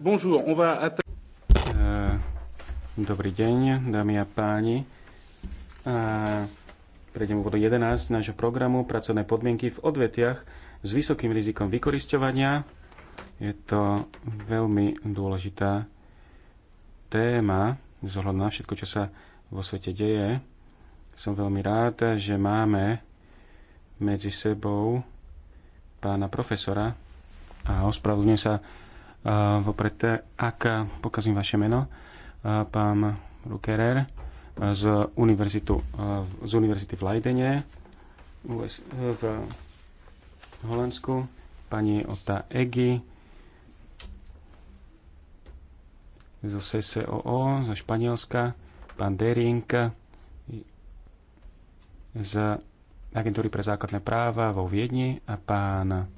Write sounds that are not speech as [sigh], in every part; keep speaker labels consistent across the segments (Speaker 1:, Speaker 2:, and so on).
Speaker 1: Bonjour, on va eh, Dobrý deň, dámy a páni. A eh, prejdem k bodu 11 nášho programu Pracovné podmienky v odvetiach s vysokým rizikom vykoristovania. Je to veľmi dôležitá téma, zohľadom na všetko, čo sa vo svete deje. Som veľmi rád, že máme medzi sebou pána profesora a ospravedlňujem sa vopred, ak pokazím vaše meno, pán Rukerer z, univerzitu, z univerzity v Leidene v Holandsku, pani Ota Egi zo SSOO zo Španielska, pán Dering z agentúry pre základné práva vo Viedni a pán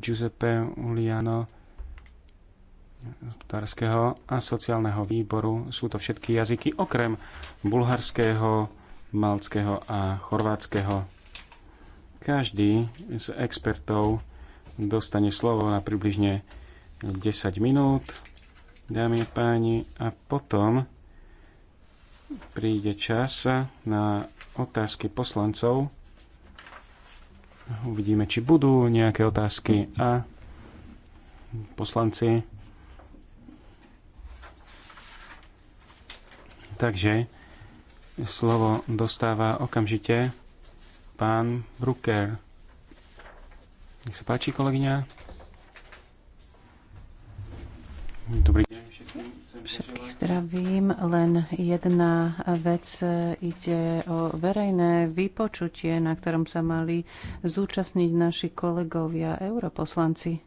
Speaker 1: Giuseppe Uliano hospodárskeho a sociálneho výboru. Sú to všetky jazyky okrem bulharského, malckého a chorvátskeho. Každý z expertov dostane slovo na približne 10 minút, dámy a páni, a potom príde čas na otázky poslancov. Uvidíme, či budú nejaké otázky a poslanci. Takže slovo dostáva okamžite pán Brucker. Nech sa páči, kolegyňa. Dobrý deň.
Speaker 2: Všetkých zdravím. Len jedna vec ide o verejné vypočutie, na ktorom sa mali zúčastniť naši kolegovia europoslanci.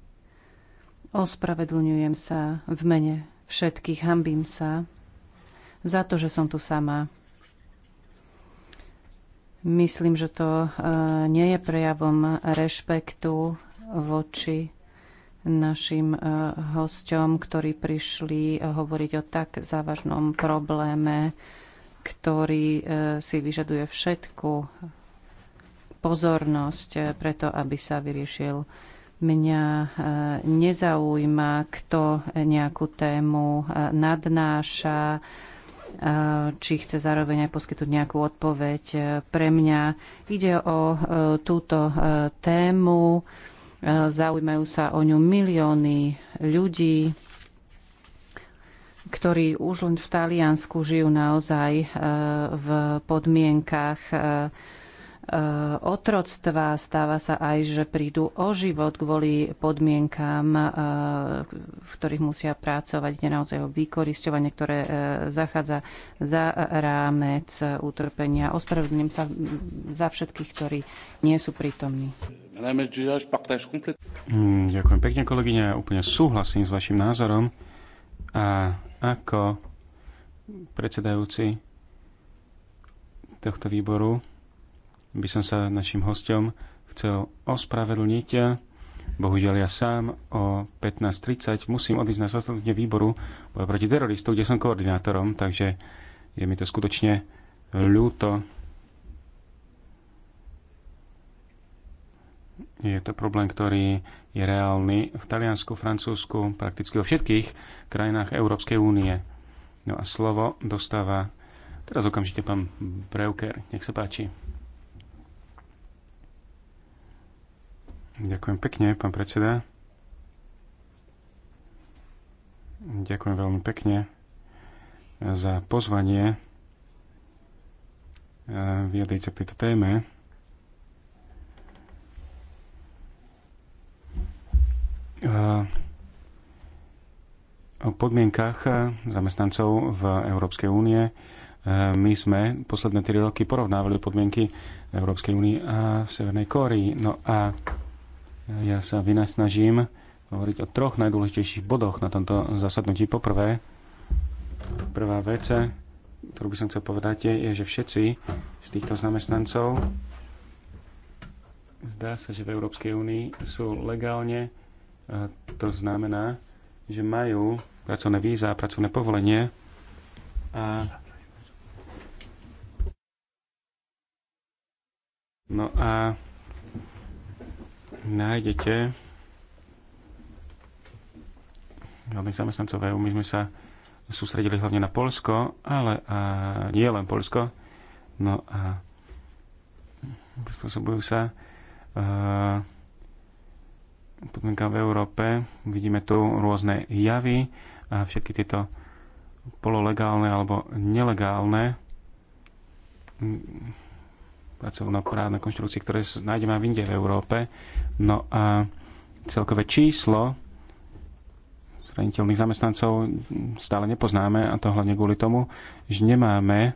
Speaker 2: Ospravedlňujem sa v mene všetkých, hambím sa za to, že som tu sama. Myslím, že to eh, nie je prejavom rešpektu voči našim eh, hosťom, ktorí prišli eh, hovoriť o tak závažnom probléme, ktorý eh, si vyžaduje všetku pozornosť preto, aby sa vyriešil. Mňa nezaujíma, kto nejakú tému nadnáša, či chce zároveň aj poskytnúť nejakú odpoveď. Pre mňa ide o túto tému, Zaujímajú sa o ňu milióny ľudí, ktorí už len v Taliansku žijú naozaj e, v podmienkach e, Eh, otroctva. Stáva sa aj, že prídu o život kvôli podmienkám, eh, v ktorých musia pracovať. kde naozaj o vykoristovanie, ktoré eh, zachádza za rámec utrpenia. Ospravedlňujem sa za všetkých, ktorí nie sú prítomní.
Speaker 1: Mm, ďakujem pekne, kolegyňa. Ja úplne súhlasím s vašim názorom. A ako predsedajúci tohto výboru by som sa našim hostom chcel ospravedlniť. Bohužiaľ ja sám o 15.30 musím odísť na zasadnutie výboru boja proti teroristu, kde som koordinátorom, takže je mi to skutočne ľúto. Je to problém, ktorý je reálny v Taliansku, Francúzsku, prakticky vo všetkých krajinách Európskej únie. No a slovo dostáva teraz okamžite pán Breuker. Nech sa páči. Ďakujem pekne, pán predseda. Ďakujem veľmi pekne za pozvanie eh, vyjadriť sa k tejto téme. Eh, o podmienkach eh, zamestnancov v Európskej únie. My sme posledné 3 roky porovnávali podmienky Európskej únie a v Severnej Kórii. No a ja sa vynasnažím hovoriť o troch najdôležitejších bodoch na tomto zasadnutí. Poprvé, prvá vec, ktorú by som chcel povedať, je, že všetci z týchto zamestnancov zdá sa, že v Európskej únii sú legálne. To znamená, že majú pracovné víza a pracovné povolenie a No a nájdete hlavných zamestnancov EU. My sme sa sústredili hlavne na Polsko, ale a nie len Polsko. No a prispôsobujú sa uh, podmienka v Európe. Vidíme tu rôzne javy a všetky tieto pololegálne alebo nelegálne pracovnoprávne konštrukcie, ktoré nájdeme aj v v Európe. No a celkové číslo zraniteľných zamestnancov stále nepoznáme a to hlavne kvôli tomu, že nemáme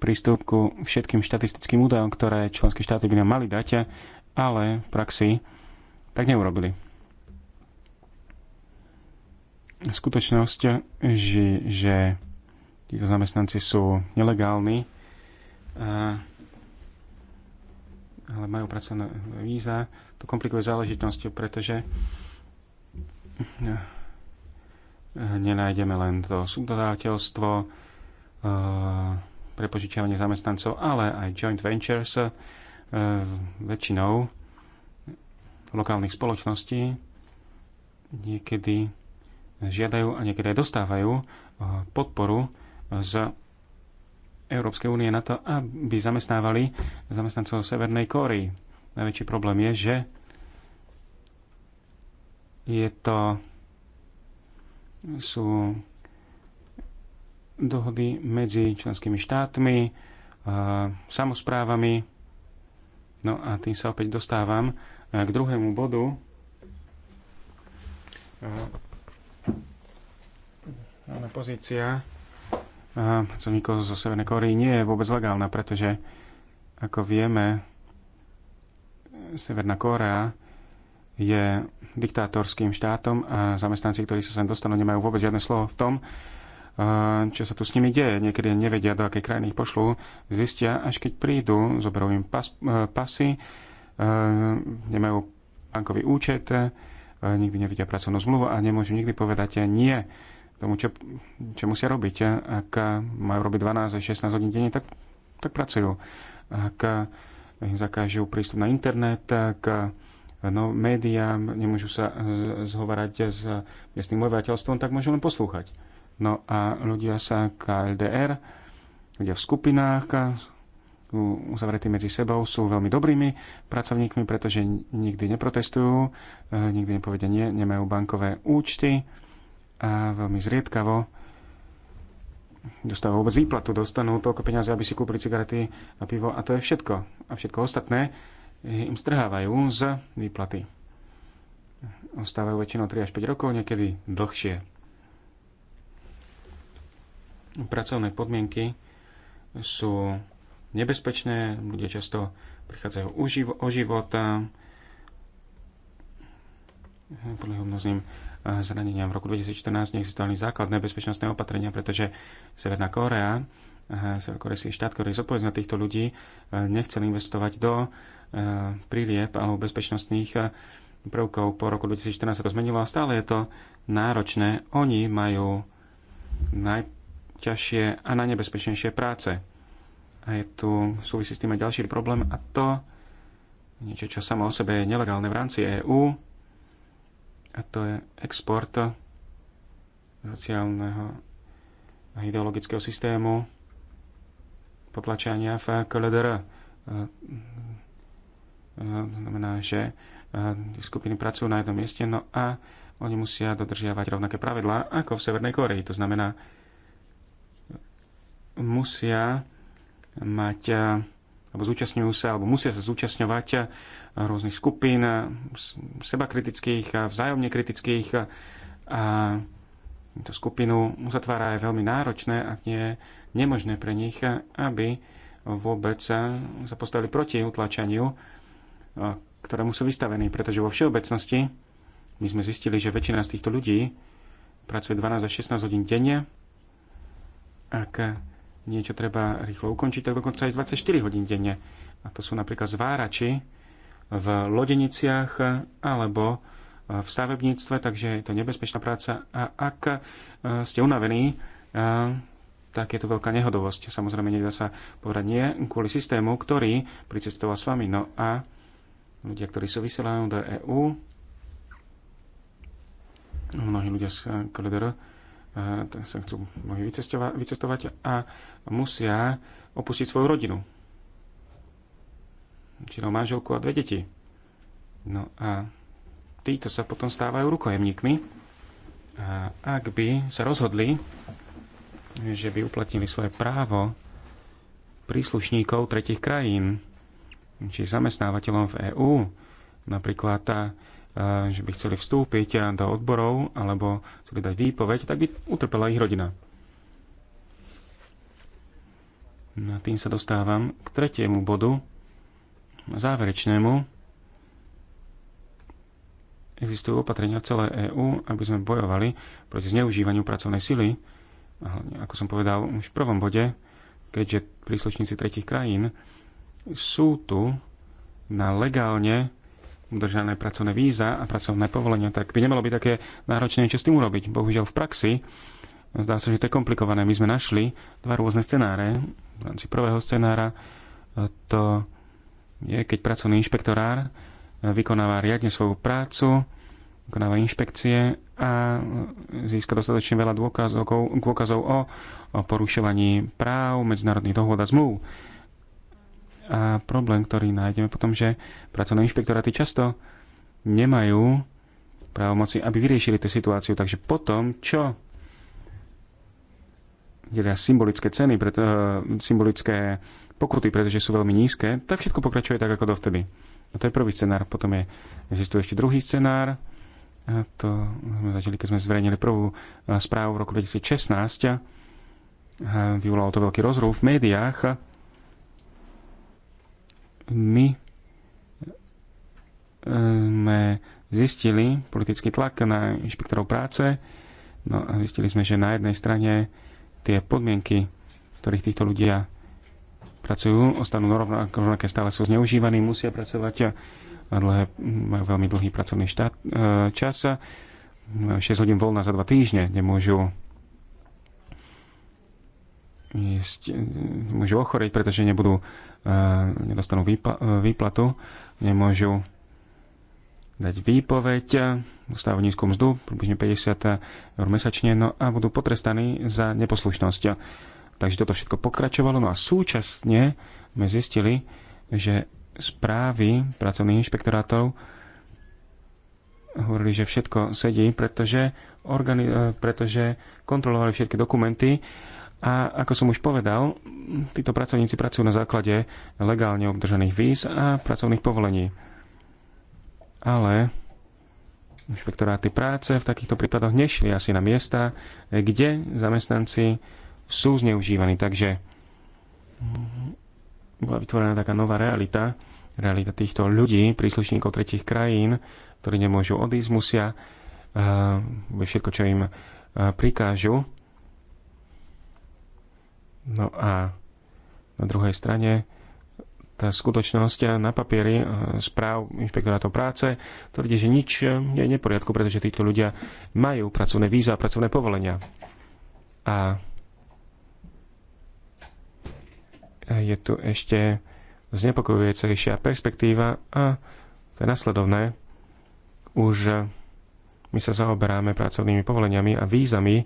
Speaker 1: prístup ku všetkým štatistickým údajom, ktoré členské štáty by nám mali dať, ale v praxi tak neurobili. Skutočnosť, že, že títo zamestnanci sú nelegálni, a ale majú pracovné víza, to komplikuje záležitosť, pretože eh, nenájdeme len to subdodávateľstvo, eh, prepožičiavanie zamestnancov, ale aj joint ventures eh, väčšinou lokálnych spoločností niekedy žiadajú a niekedy aj dostávajú podporu z Európskej únie na to, aby zamestnávali zamestnancov Severnej Kórii. Najväčší problém je, že je to sú dohody medzi členskými štátmi, samozprávami. No a tým sa opäť dostávam k druhému bodu. Máme pozícia pracovníkov zo Severnej Kóry nie je vôbec legálna, pretože ako vieme, Severná Kórea je diktátorským štátom a zamestnanci, ktorí sa sem dostanú, nemajú vôbec žiadne slovo v tom, čo sa tu s nimi deje. Niekedy nevedia, do akej krajiny ich pošlú. Zistia, až keď prídu, zoberú im pas, e, pasy, e, nemajú bankový účet, e, nikdy nevidia pracovnú zmluvu a nemôžu nikdy povedať nie tomu, čo, čo musia robiť. Ak majú robiť 12 až 16 hodín denne, tak, tak pracujú. Ak im zakážu prístup na internet, tak no, médiá nemôžu sa zhovárať s miestnym obyvateľstvom, tak môžu len poslúchať. No a ľudia sa KLDR, ľudia v skupinách, uzavretí medzi sebou, sú veľmi dobrými pracovníkmi, pretože nikdy neprotestujú, e, nikdy nepovedia nie, nemajú bankové účty, a veľmi zriedkavo dostávajú vôbec výplatu, dostanú toľko peniazy, aby si kúpili cigarety a pivo a to je všetko. A všetko ostatné im strhávajú z výplaty. Ostávajú väčšinou 3 až 5 rokov, niekedy dlhšie. Pracovné podmienky sú nebezpečné, ľudia často prichádzajú o, života. život, podľa mnohým Zranenia. V roku 2014 neexistovali základné bezpečnostné opatrenia, pretože Severná Kórea, eh, severkorejský štát, ktorý je zodpovedný za týchto ľudí, eh, nechcel investovať do eh, príliep alebo bezpečnostných prvkov. Po roku 2014 sa to zmenilo a stále je to náročné. Oni majú najťažšie a najnebezpečnejšie práce. A je tu súvisí s tým aj ďalší problém a to niečo, čo samo o sebe je nelegálne v rámci EÚ a to je export sociálneho a ideologického systému potlačania v KLDR. Mm, mm, znamená, že skupiny pracujú na jednom mieste, no a oni musia dodržiavať rovnaké pravidlá ako v Severnej Koreji. To znamená, musia mať, alebo zúčastňujú sa, alebo musia sa zúčastňovať rôznych skupín, seba kritických a vzájomne kritických. A tú skupinu uzatvára aj veľmi náročné, ak nie nemožné pre nich, aby vôbec sa postavili proti utlačaniu, e, ktorému sú vystavení, pretože vo všeobecnosti my sme zistili, že väčšina z týchto ľudí pracuje 12 až 16 hodín denne. Ak niečo treba rýchlo ukončiť, tak dokonca aj 24 hodín denne. A to sú napríklad zvárači, v lodeniciach alebo v stavebníctve, takže je to nebezpečná práca. A ak e, ste unavení, e, tak je to veľká nehodovosť. Samozrejme, nedá sa povedať nie kvôli systému, ktorý pricestoval s vami. No a ľudia, ktorí sú vysielaní do EÚ, mnohí ľudia z KDR e, sa chcú mnohí vycestovať a musia opustiť svoju rodinu väčšinou manželku a dve deti. No a títo sa potom stávajú rukojemníkmi. A ak by sa rozhodli, že by uplatnili svoje právo príslušníkov tretich krajín, či zamestnávateľom v EÚ, napríklad tá, že by chceli vstúpiť do odborov alebo chceli dať výpoveď, tak by utrpela ich rodina. Na tým sa dostávam k tretiemu bodu, záverečnému, existujú opatrenia v celej EÚ, aby sme bojovali proti zneužívaniu pracovnej sily. A ako som povedal už v prvom bode, keďže príslušníci tretich krajín sú tu na legálne udržané pracovné víza a pracovné povolenia, tak by nemalo byť také náročné niečo s tým urobiť. Bohužiaľ v praxi zdá sa, že to je komplikované. My sme našli dva rôzne scenáre. V rámci prvého scenára to je, keď pracovný inšpektorár vykonáva riadne svoju prácu, vykonáva inšpekcie a získa dostatočne veľa dôkazov, dôkazov o, o porušovaní práv, medzinárodných dohôd a zmluv. A problém, ktorý nájdeme potom, že pracovné inšpektoráty často nemajú právomoci, aby vyriešili tú situáciu. Takže potom, čo teda symbolické ceny, preto, symbolické pokuty, pretože sú veľmi nízke, tak všetko pokračuje tak ako dovtedy. A to je prvý scenár. Potom je, existuje ešte druhý scenár. A to sme začali, keď sme zverejnili prvú e, správu v roku 2016. A vyvolalo to veľký rozruch v médiách. My e, sme zistili politický tlak na inšpektorov práce. No a zistili sme, že na jednej strane tie podmienky, v ktorých týchto ľudia pracujú, ostanú rovnaké, stále sú zneužívaní, musia pracovať a dlhé, majú veľmi dlhý pracovný štát, e, čas. 6 hodín voľna za 2 týždne nemôžu ísť, e, môžu ochoreť, pretože nebudú, e, nedostanú výpla, výplatu, nemôžu dať výpoveď, dostávajú nízku mzdu, približne 50 eur mesačne, no a budú potrestaní za neposlušnosť Takže toto všetko pokračovalo. No a súčasne sme zistili, že správy pracovných inšpektorátov hovorili, že všetko sedí, pretože, organi- e, pretože kontrolovali všetky dokumenty a ako som už povedal, títo pracovníci pracujú na základe legálne obdržaných víz a pracovných povolení. Ale inšpektoráty práce v takýchto prípadoch nešli asi na miesta, kde zamestnanci sú zneužívaní. Takže bola vytvorená taká nová realita, realita týchto ľudí, príslušníkov tretich krajín, ktorí nemôžu odísť, musia uh, všetko, čo im uh, prikážu. No a na druhej strane tá skutočnosť na papieri eh, správ inšpektorátov práce tvrdí, že nič nie je neporiadku, pretože títo ľudia majú pracovné víza a pracovné povolenia. A je tu ešte znepokojujúcejšia perspektíva a to je nasledovné. Už my sa zaoberáme pracovnými povoleniami a vízami,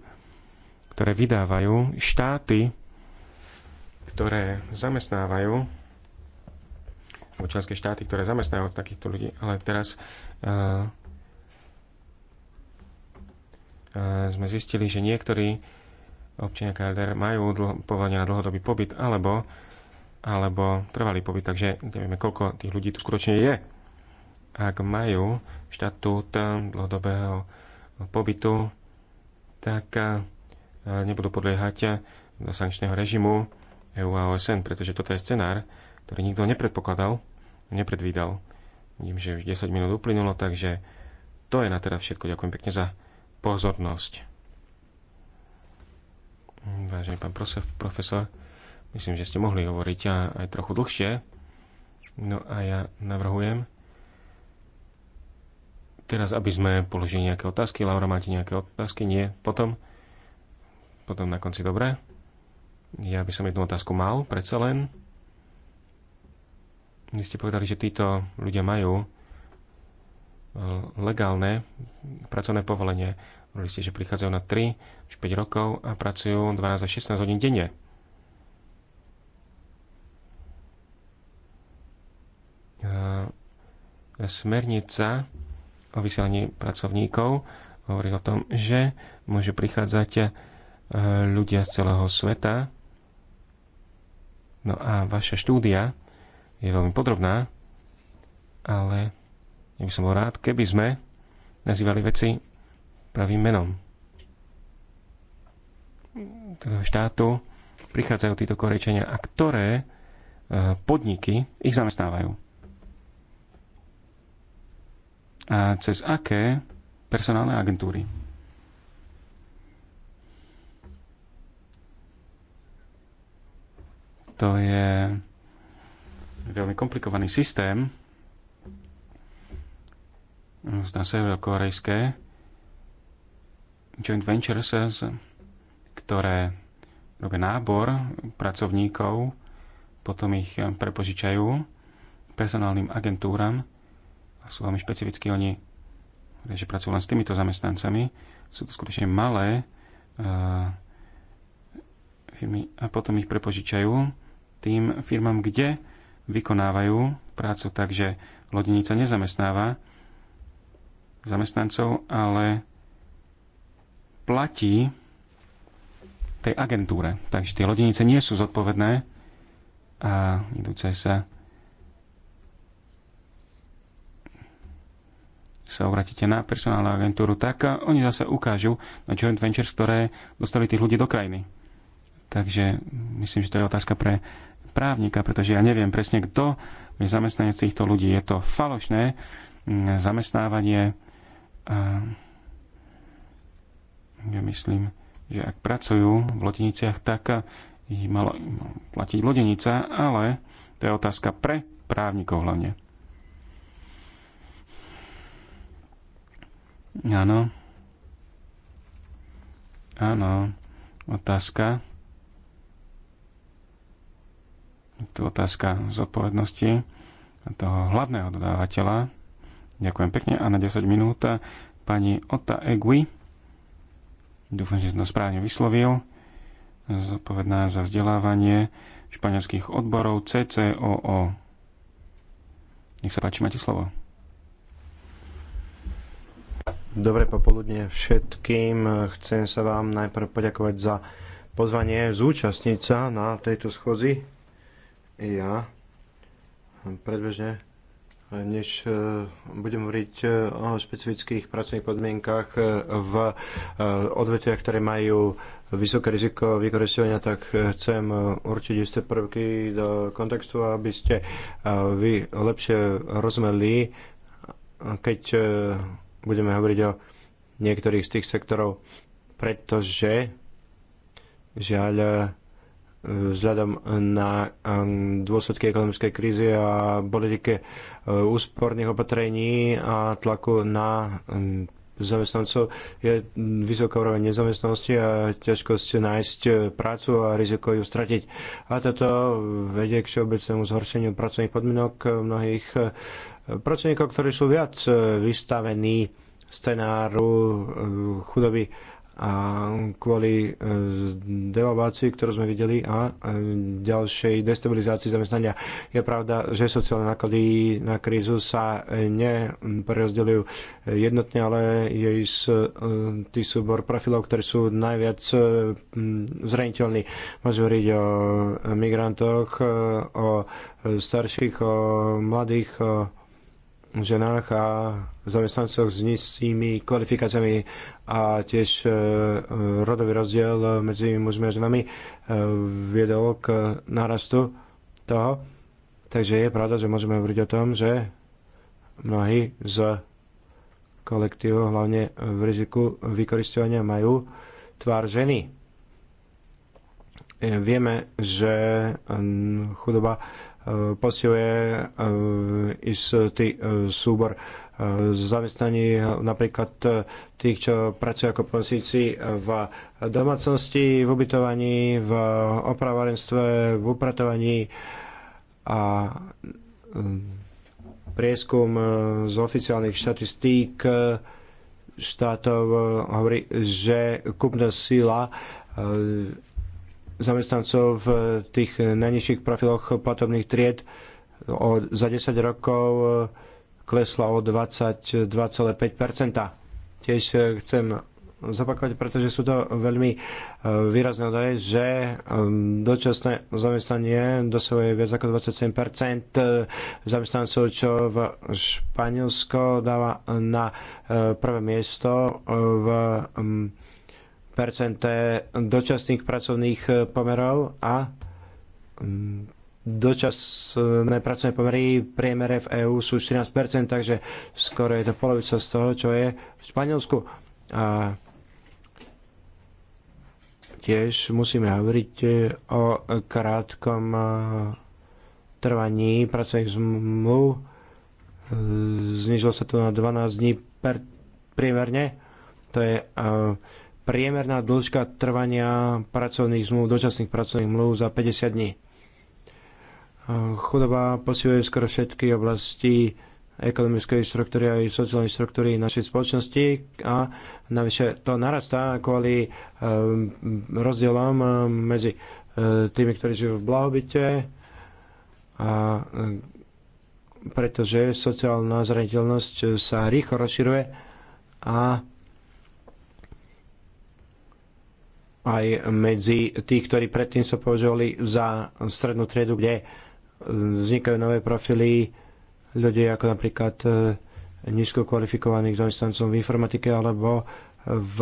Speaker 1: ktoré vydávajú štáty, ktoré zamestnávajú členské štáty, ktoré zamestnajú takýchto ľudí, ale teraz uh, uh, sme zistili, že niektorí občania KLDR majú povolenie povolenia na dlhodobý pobyt alebo alebo trvalý pobyt, takže nevieme, koľko tých ľudí tu skutočne je. Ak majú štatút eh, dlhodobého pobytu, tak eh, nebudú podliehať eh, do sankčného režimu EU a OSN, pretože toto je scenár, ktorý nikto nepredpokladal, nepredvídal. Vidím, že už 10 minút uplynulo, takže to je na teraz všetko. Ďakujem pekne za pozornosť. Vážený pán profesor, Myslím, že ste mohli hovoriť aj trochu dlhšie. No a ja navrhujem teraz, aby sme položili nejaké otázky. Laura, máte nejaké otázky? Nie. Potom? Potom na konci, dobre. Ja by som jednu otázku mal, predsa len. Vy ste povedali, že títo ľudia majú e, legálne pracovné povolenie. Hovorili ste, že prichádzajú na 3 až 5 rokov a pracujú 12 až 16 hodín denne. E, smernica o vysielaní pracovníkov hovorí o tom, že môžu prichádzať e, ľudia z celého sveta. No a vaša štúdia je veľmi podrobná, ale ja by som bol rád, keby sme nazývali veci pravým menom. Ktorého teda štátu prichádzajú títo korečenia a ktoré e, podniky ich zamestnávajú. a cez aké personálne agentúry. To je veľmi komplikovaný systém na severokorejské joint ventures, ktoré robia nábor pracovníkov, potom ich prepožičajú personálnym agentúram a sú veľmi špecifickí. Oni že pracujú len s týmito zamestnancami. Sú to skutočne malé uh, firmy a potom ich prepožičajú tým firmám, kde vykonávajú prácu. Takže lodenica nezamestnáva zamestnancov, ale platí tej agentúre. Takže tie lodenice nie sú zodpovedné a idú cez sa eh, sa obratíte na personálnu agentúru, tak eh, oni zase ukážu na joint ventures, ktoré dostali tých ľudí do krajiny. Takže hm, myslím, že to je otázka pre právnika, pretože ja neviem presne, kto je zamestnanec týchto ľudí. Je to falošné hm, zamestnávanie. A ja myslím, že ak pracujú v lodeniciach, tak eh, ich malo, platiť lodenica, ale to je otázka pre právnikov hlavne. Áno. Áno. Otázka. Tu otázka zodpovednosti toho hlavného dodávateľa. Ďakujem pekne a na 10 minút pani Ota Egui. Dúfam, že som to správne vyslovil. Zodpovedná za vzdelávanie španielských odborov CCOO. Nech sa páči, máte slovo.
Speaker 3: Dobré popoludne všetkým. Chcem sa vám najprv poďakovať za pozvanie zúčastniť sa na tejto schozi. Ja predbežne, než e, budem hovoriť e, o špecifických pracovných podmienkach e, v odvetviach, ktoré majú vysoké riziko vykoristovania, tak chcem určiť isté prvky do kontextu, aby ste vy lepšie rozmerli, keď budeme hovoriť o niektorých z tých sektorov, pretože žiaľ e, vzhľadom na e, dôsledky ekonomickej krízy a politike e, úsporných opatrení a tlaku na zamestnancov je vysoká úroveň nezamestnanosti a ťažkosť nájsť prácu a riziko ju stratiť. A toto vedie k všeobecnému zhoršeniu pracovných podmienok mnohých pracovníkov, ktorí sú viac e, vystavení scenáru e, chudoby a kvôli e, devalvácii, ktorú sme videli a ďalšej destabilizácii zamestnania. Je pravda, že sociálne náklady na krízu sa neprerozdelujú jednotne, ale je tý súbor profilov, ktorí sú najviac zraniteľní. Môžeme hovoriť o migrantoch, o starších, o mladých, o ženách a zamestnancoch s nízkymi kvalifikáciami a tiež e, rodový rozdiel medzi mužmi a ženami e, viedol k nárastu toho. Takže je pravda, že môžeme hovoriť o tom, že mnohí z kolektívu, hlavne v riziku vykoristovania, majú tvár ženy. E, vieme, že chudoba Eh, posiluje eh, istý eh, súbor zamestnaní napríklad tých, čo pracujú ako pozícii v domácnosti, v ubytovaní, v opravárenstve, v upratovaní a prieskum z oficiálnych štatistík štátov hovorí, že kupná sila zamestnancov v eh, tých eh, najnižších profiloch platobných tried o, za 10 rokov eh, klesla o 22,5 Tiež chcem zopakovať, pretože sú to veľmi výrazné údaje, že ehm, dočasné zamestnanie dosahuje viac ako 27% zamestnancov, čo v Španielsko dáva na prvé miesto v ehm, dočasných pracovných e, pomerov a mm, dočasné pracovné pomery v priemere v EÚ sú 14%, takže skoro je to polovica z toho, čo je v Španielsku. A tiež musíme hovoriť e, o krátkom e, trvaní pracovných zmluv. Znižilo sa to na 12 dní priemerne. To je priemerná dĺžka trvania pracovných zmluv, dočasných pracovných zmluv za 50 dní. Chudoba posiluje skoro všetky oblasti ekonomickej štruktúry a sociálnej štruktúry našej spoločnosti a navyše to narastá kvôli e, rozdielom e, medzi e, tými, ktorí žijú v blahobite a pretože sociálna zraniteľnosť sa rýchlo rozširuje a aj medzi tých, ktorí predtým sa považovali za strednú triedu, kde vznikajú nové profily ľudí ako napríklad e, nízko kvalifikovaných zamestnancov v informatike alebo v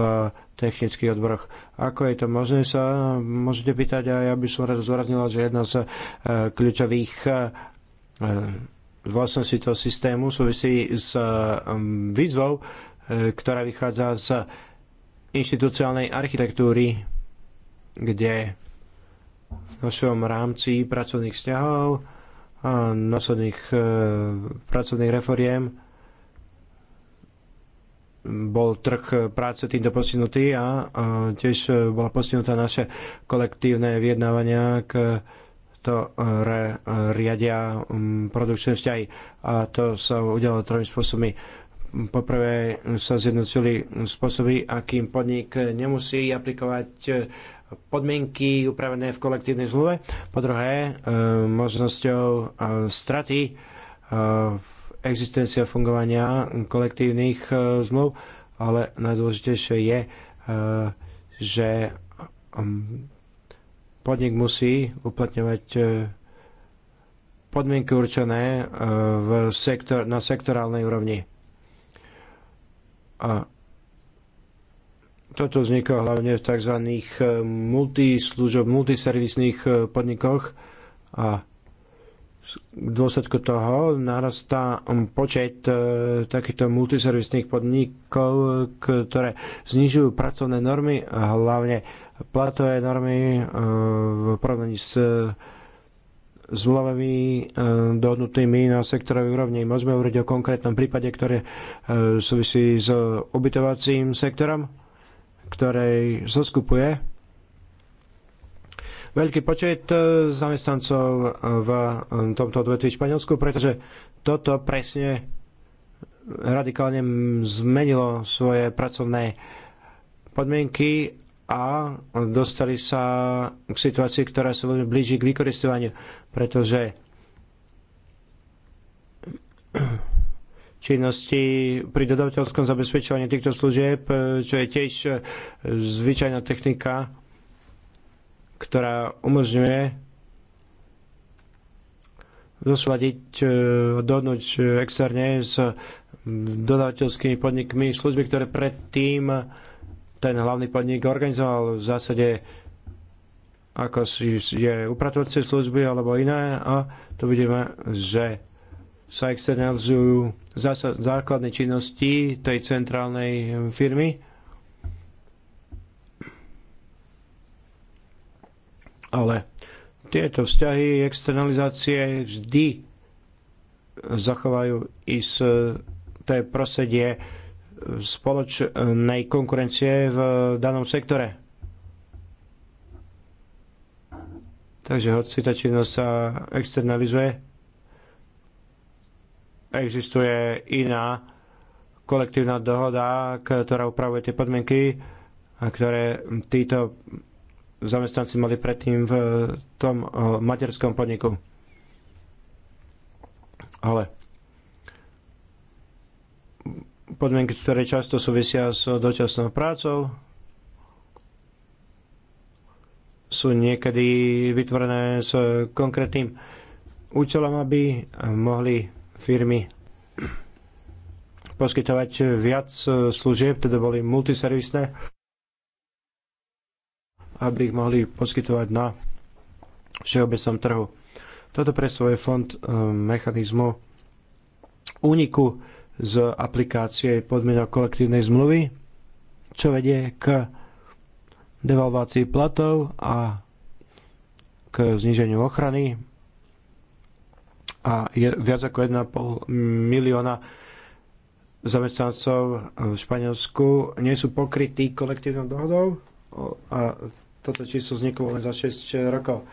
Speaker 3: technických odboroch. Ako je to možné, sa môžete pýtať a ja by som rád zvoraznila, že jedna z e, kľúčových e, vlastností toho systému súvisí s výzvou, ktorá vychádza z inštitucionálnej architektúry, kde v našom rámci pracovných vzťahov a následných e, pracovných reforiem bol trh práce týmto postihnutý a tiež bola postihnutá naše kolektívne vyjednávania, ktoré e, riadia produkčné vzťahy. A to sa udialo tromi spôsobmi poprvé sa zjednocili spôsoby, akým podnik nemusí aplikovať podmienky upravené v kolektívnej zmluve, po druhé e, možnosťou e, straty e, existencia fungovania kolektívnych zmluv, ale najdôležitejšie je, že podnik musí uplatňovať podmienky určené v sektor, na sektorálnej úrovni. A toto vzniklo hlavne v tzv. Eh, multislužob, multiservisných eh, podnikoch a v dôsledku toho narastá hm, počet eh, takýchto multiservisných podnikov, ktoré znižujú pracovné normy, hlavne platové normy v porovnaní s zmluvami e, dohodnutými na sektorovej úrovni. Môžeme hovoriť o konkrétnom prípade, ktoré e, súvisí s ubytovacím sektorom, ktorý zoskupuje veľký počet e, zamestnancov v tomto odvetví Španielsku, pretože toto presne radikálne zmenilo svoje pracovné podmienky a dostali sa k situácii, ktorá sa veľmi blíži k vykoristovaniu, pretože činnosti pri dodavateľskom zabezpečovaní týchto služieb, čo je tiež zvyčajná technika, ktorá umožňuje dosladiť, e, dohodnúť externe s dodavateľskými podnikmi služby, ktoré predtým ten hlavný podnik organizoval v zásade ako je upratovacie služby alebo iné a tu vidíme, že sa externalizujú základné činnosti tej centrálnej firmy. Ale tieto vzťahy externalizácie vždy zachovajú isté prosedie spoločnej konkurencie v danom sektore. Takže hoci tá činnosť sa externalizuje, existuje iná kolektívna dohoda, ktorá upravuje tie podmienky, a ktoré títo zamestnanci mali predtým v tom eh, materskom podniku. Ale podmienky, ktoré často súvisia s dočasnou prácou, sú niekedy vytvorené s konkrétnym účelom, aby mohli firmy poskytovať viac služieb, teda boli multiservisné, aby ich mohli poskytovať na všeobecnom trhu. Toto predstavuje fond eh, mechanizmu úniku z aplikácie podmienok kolektívnej zmluvy, čo vedie k devalvácii platov a k zniženiu ochrany a je viac ako 1,5 milióna zamestnancov v Španielsku nie sú pokrytí kolektívnou dohodou a toto číslo vzniklo len za 6 rokov.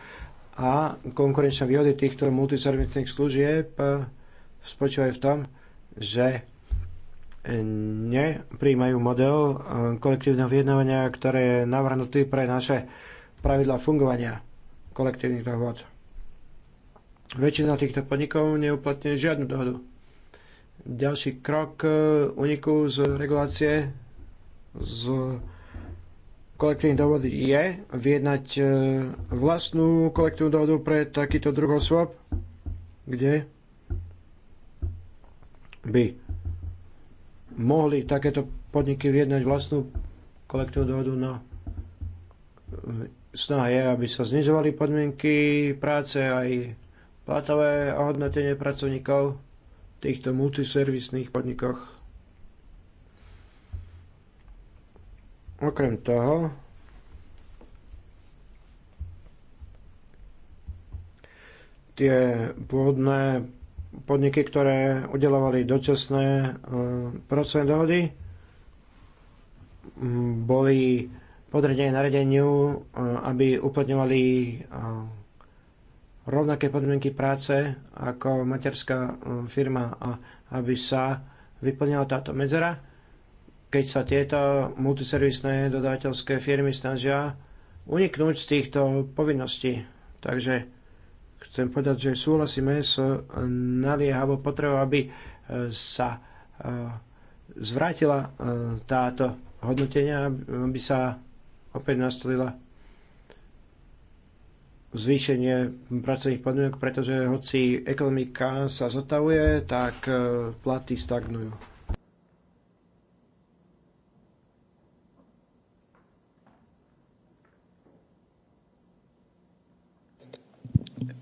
Speaker 3: A konkurenčné výhody týchto multiservisných služieb spočívajú v tom, že e, nepríjmajú model e, kolektívneho vyjednávania, ktoré je navrhnutý pre naše pravidla fungovania kolektívnych dohod. Väčšina týchto podnikov neuplatňuje žiadnu dohodu. Ďalší krok e, uniku z regulácie z kolektívnych dohod je vyjednať vlastnú kolektívnu dohodu pre takýto druh osôb, kde by mohli takéto podniky vyjednať vlastnú kolektívnu dohodu na no, e, snaha je, aby sa znižovali podmienky práce aj platové a hodnotenie pracovníkov v týchto multiservisných podnikoch. Okrem toho, tie pôvodné podniky, ktoré udelovali dočasné e, pracovné dohody, boli podriadené naredeniu, e, aby uplatňovali e, rovnaké podmienky práce ako materská firma a aby sa vyplnila táto medzera, keď sa tieto multiservisné dodávateľské firmy snažia uniknúť z týchto povinností. Takže chcem povedať, že súhlasíme s naliehavou potrebou, aby e, sa e, zvrátila e, táto hodnotenia, aby sa opäť nastolila zvýšenie pracovných podmienok, pretože hoci ekonomika sa zotavuje, tak platy stagnujú.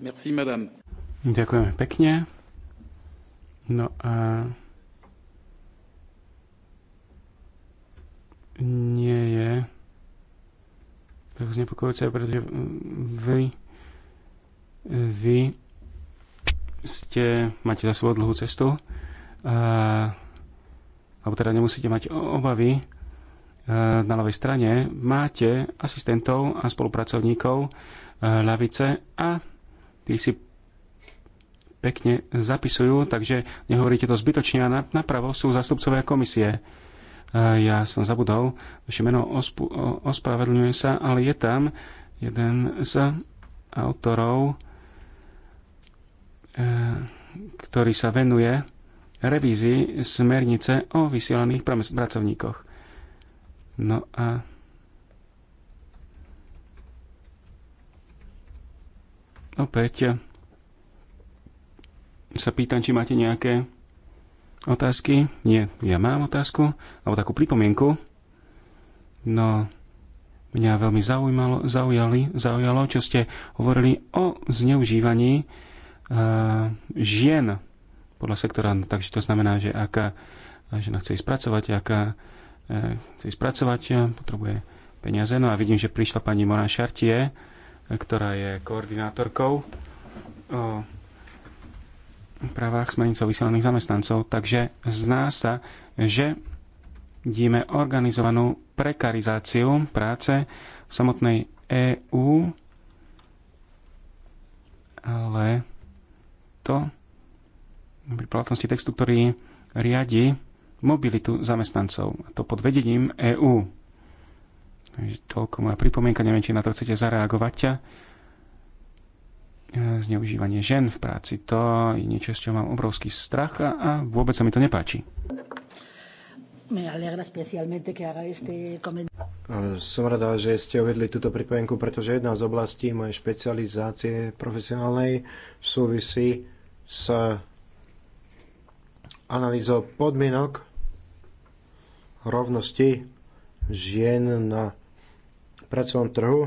Speaker 1: Merci, madame. Ďakujeme pekne. No a nie je tak znepokojúce, pretože vy, vy ste, máte za sebou dlhú cestu, a, alebo teda nemusíte mať obavy na ľavej strane. Máte asistentov a spolupracovníkov ľavice a tí si pekne zapisujú, takže nehovoríte to zbytočne a napravo sú zastupcovia komisie. E, ja som zabudol, vaše meno ospu, ospravedlňuje sa, ale je tam jeden z autorov, e, ktorý sa venuje revízii smernice o vysielaných pracovníkoch. No a Opäť sa pýtam, či máte nejaké otázky. Nie, ja mám otázku, alebo takú pripomienku. No, mňa veľmi zaujímalo, zaujali, zaujalo, čo ste hovorili o zneužívaní uh, žien podľa sektora. No, takže to znamená, že aká eh, žena chce ísť pracovať, aká uh, eh, chce ísť pracovať, potrebuje peniaze. No a vidím, že prišla pani Mona Šartie, ktorá je koordinátorkou o právach smernicov vysielaných zamestnancov. Takže zná sa, že vidíme organizovanú prekarizáciu práce v samotnej EÚ, ale to pri platnosti textu, ktorý riadi mobilitu zamestnancov, a to pod vedením EÚ. Takže toľko moja pripomienka, neviem, či na to chcete zareagovať. E, Zneužívanie žen v práci, to je niečo, z čoho mám obrovský strach a, a vôbec sa mi to nepáči.
Speaker 3: Som rada, že ste uvedli túto pripomienku, pretože jedna z oblastí mojej špecializácie profesionálnej súvisí s analýzou podmienok rovnosti žien na pracovnom trhu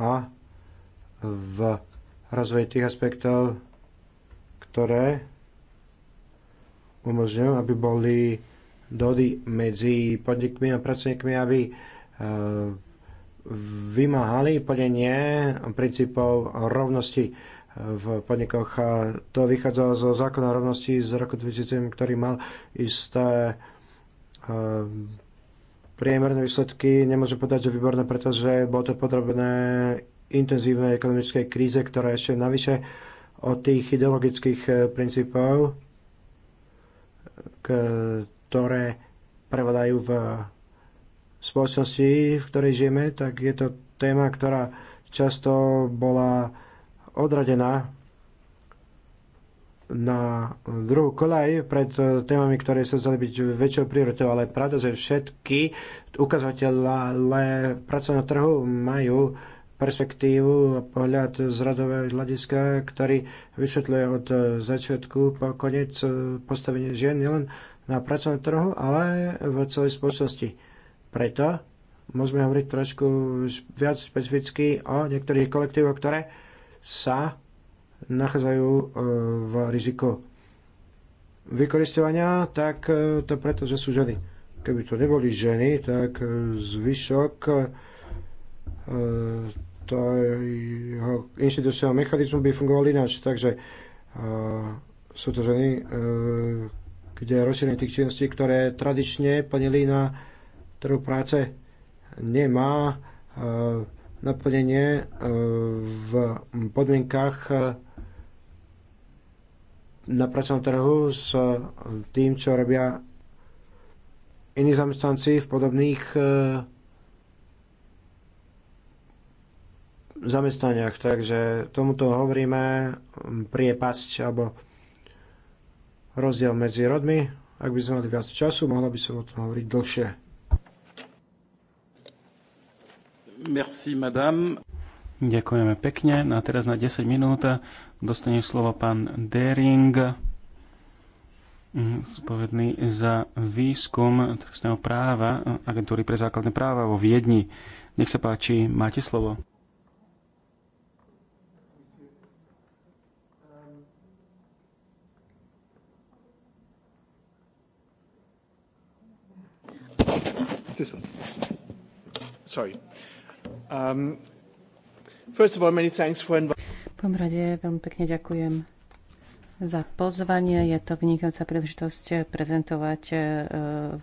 Speaker 3: a v rozvoji tých aspektov, ktoré umožňujú, aby boli dody medzi podnikmi a pracovníkmi, aby e, vymáhali plnenie princípov rovnosti v podnikoch. A to vychádza zo zákona rovnosti z roku 2007, ktorý mal isté e, priemerné výsledky nemôžem povedať, že výborné, pretože bolo to podrobné intenzívnej ekonomickej kríze, ktorá ešte navyše od tých ideologických eh, princípov, ktoré prevadajú v spoločnosti, v ktorej žijeme, tak je to téma, ktorá často bola odradená na druhú kolaj pred eh, témami, ktoré sa zdali byť väčšou prioritou, ale pravda, že všetky ukazovatele pracovného trhu majú perspektívu a pohľad z radového hľadiska, ktorý vysvetľuje od eh, začiatku po koniec eh, postavenie žien nielen na pracovnom trhu, ale v celej spoločnosti. Preto môžeme hovoriť trošku viac špecificky o niektorých kolektívoch, ktoré sa nachádzajú e, v riziku vykoristovania, tak e, to preto, že sú ženy. Keby to neboli ženy, tak e, zvyšok toho inštitučného mechanizmu by fungoval ináč. Takže sú to ženy, kde je rozšírenie tých činností, ktoré tradične plnili na trhu práce, nemá naplnenie v podmienkach na pracovnom trhu s tým, čo robia iní zamestnanci v podobných e, zamestnaniach. Takže tomuto hovoríme priepasť alebo rozdiel medzi rodmi. Ak
Speaker 1: by sme mali viac času, mohla by som o tom hovoriť dlhšie. Merci, madame. Ďakujeme pekne. No a teraz na 10 minút dostane slovo pán Dering, spovedný mm, za výskum trestného práva Agentúry pre základné práva vo Viedni. Nech sa páči, máte slovo. This one. Sorry.
Speaker 3: Um, prvom
Speaker 2: Pom rade veľmi pekne ďakujem za pozvanie. Je to vynikajúca príležitosť prezentovať e,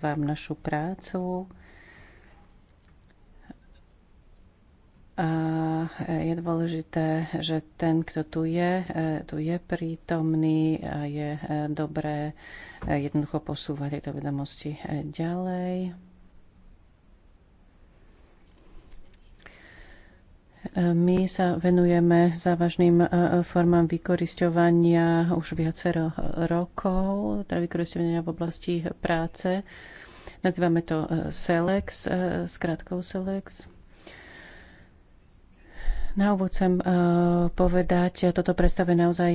Speaker 2: vám našu prácu. A je dôležité, že ten, kto tu je, e, tu je prítomný a je e, dobré jednoducho posúvať tieto vedomosti ďalej. My sa venujeme závažným e, formám vykoristovania už viacero rokov, teda vykoristovania v oblasti práce. Nazývame to SELEX, e, e, s krátkou SELEX. Na úvod chcem povedať, toto predstavuje naozaj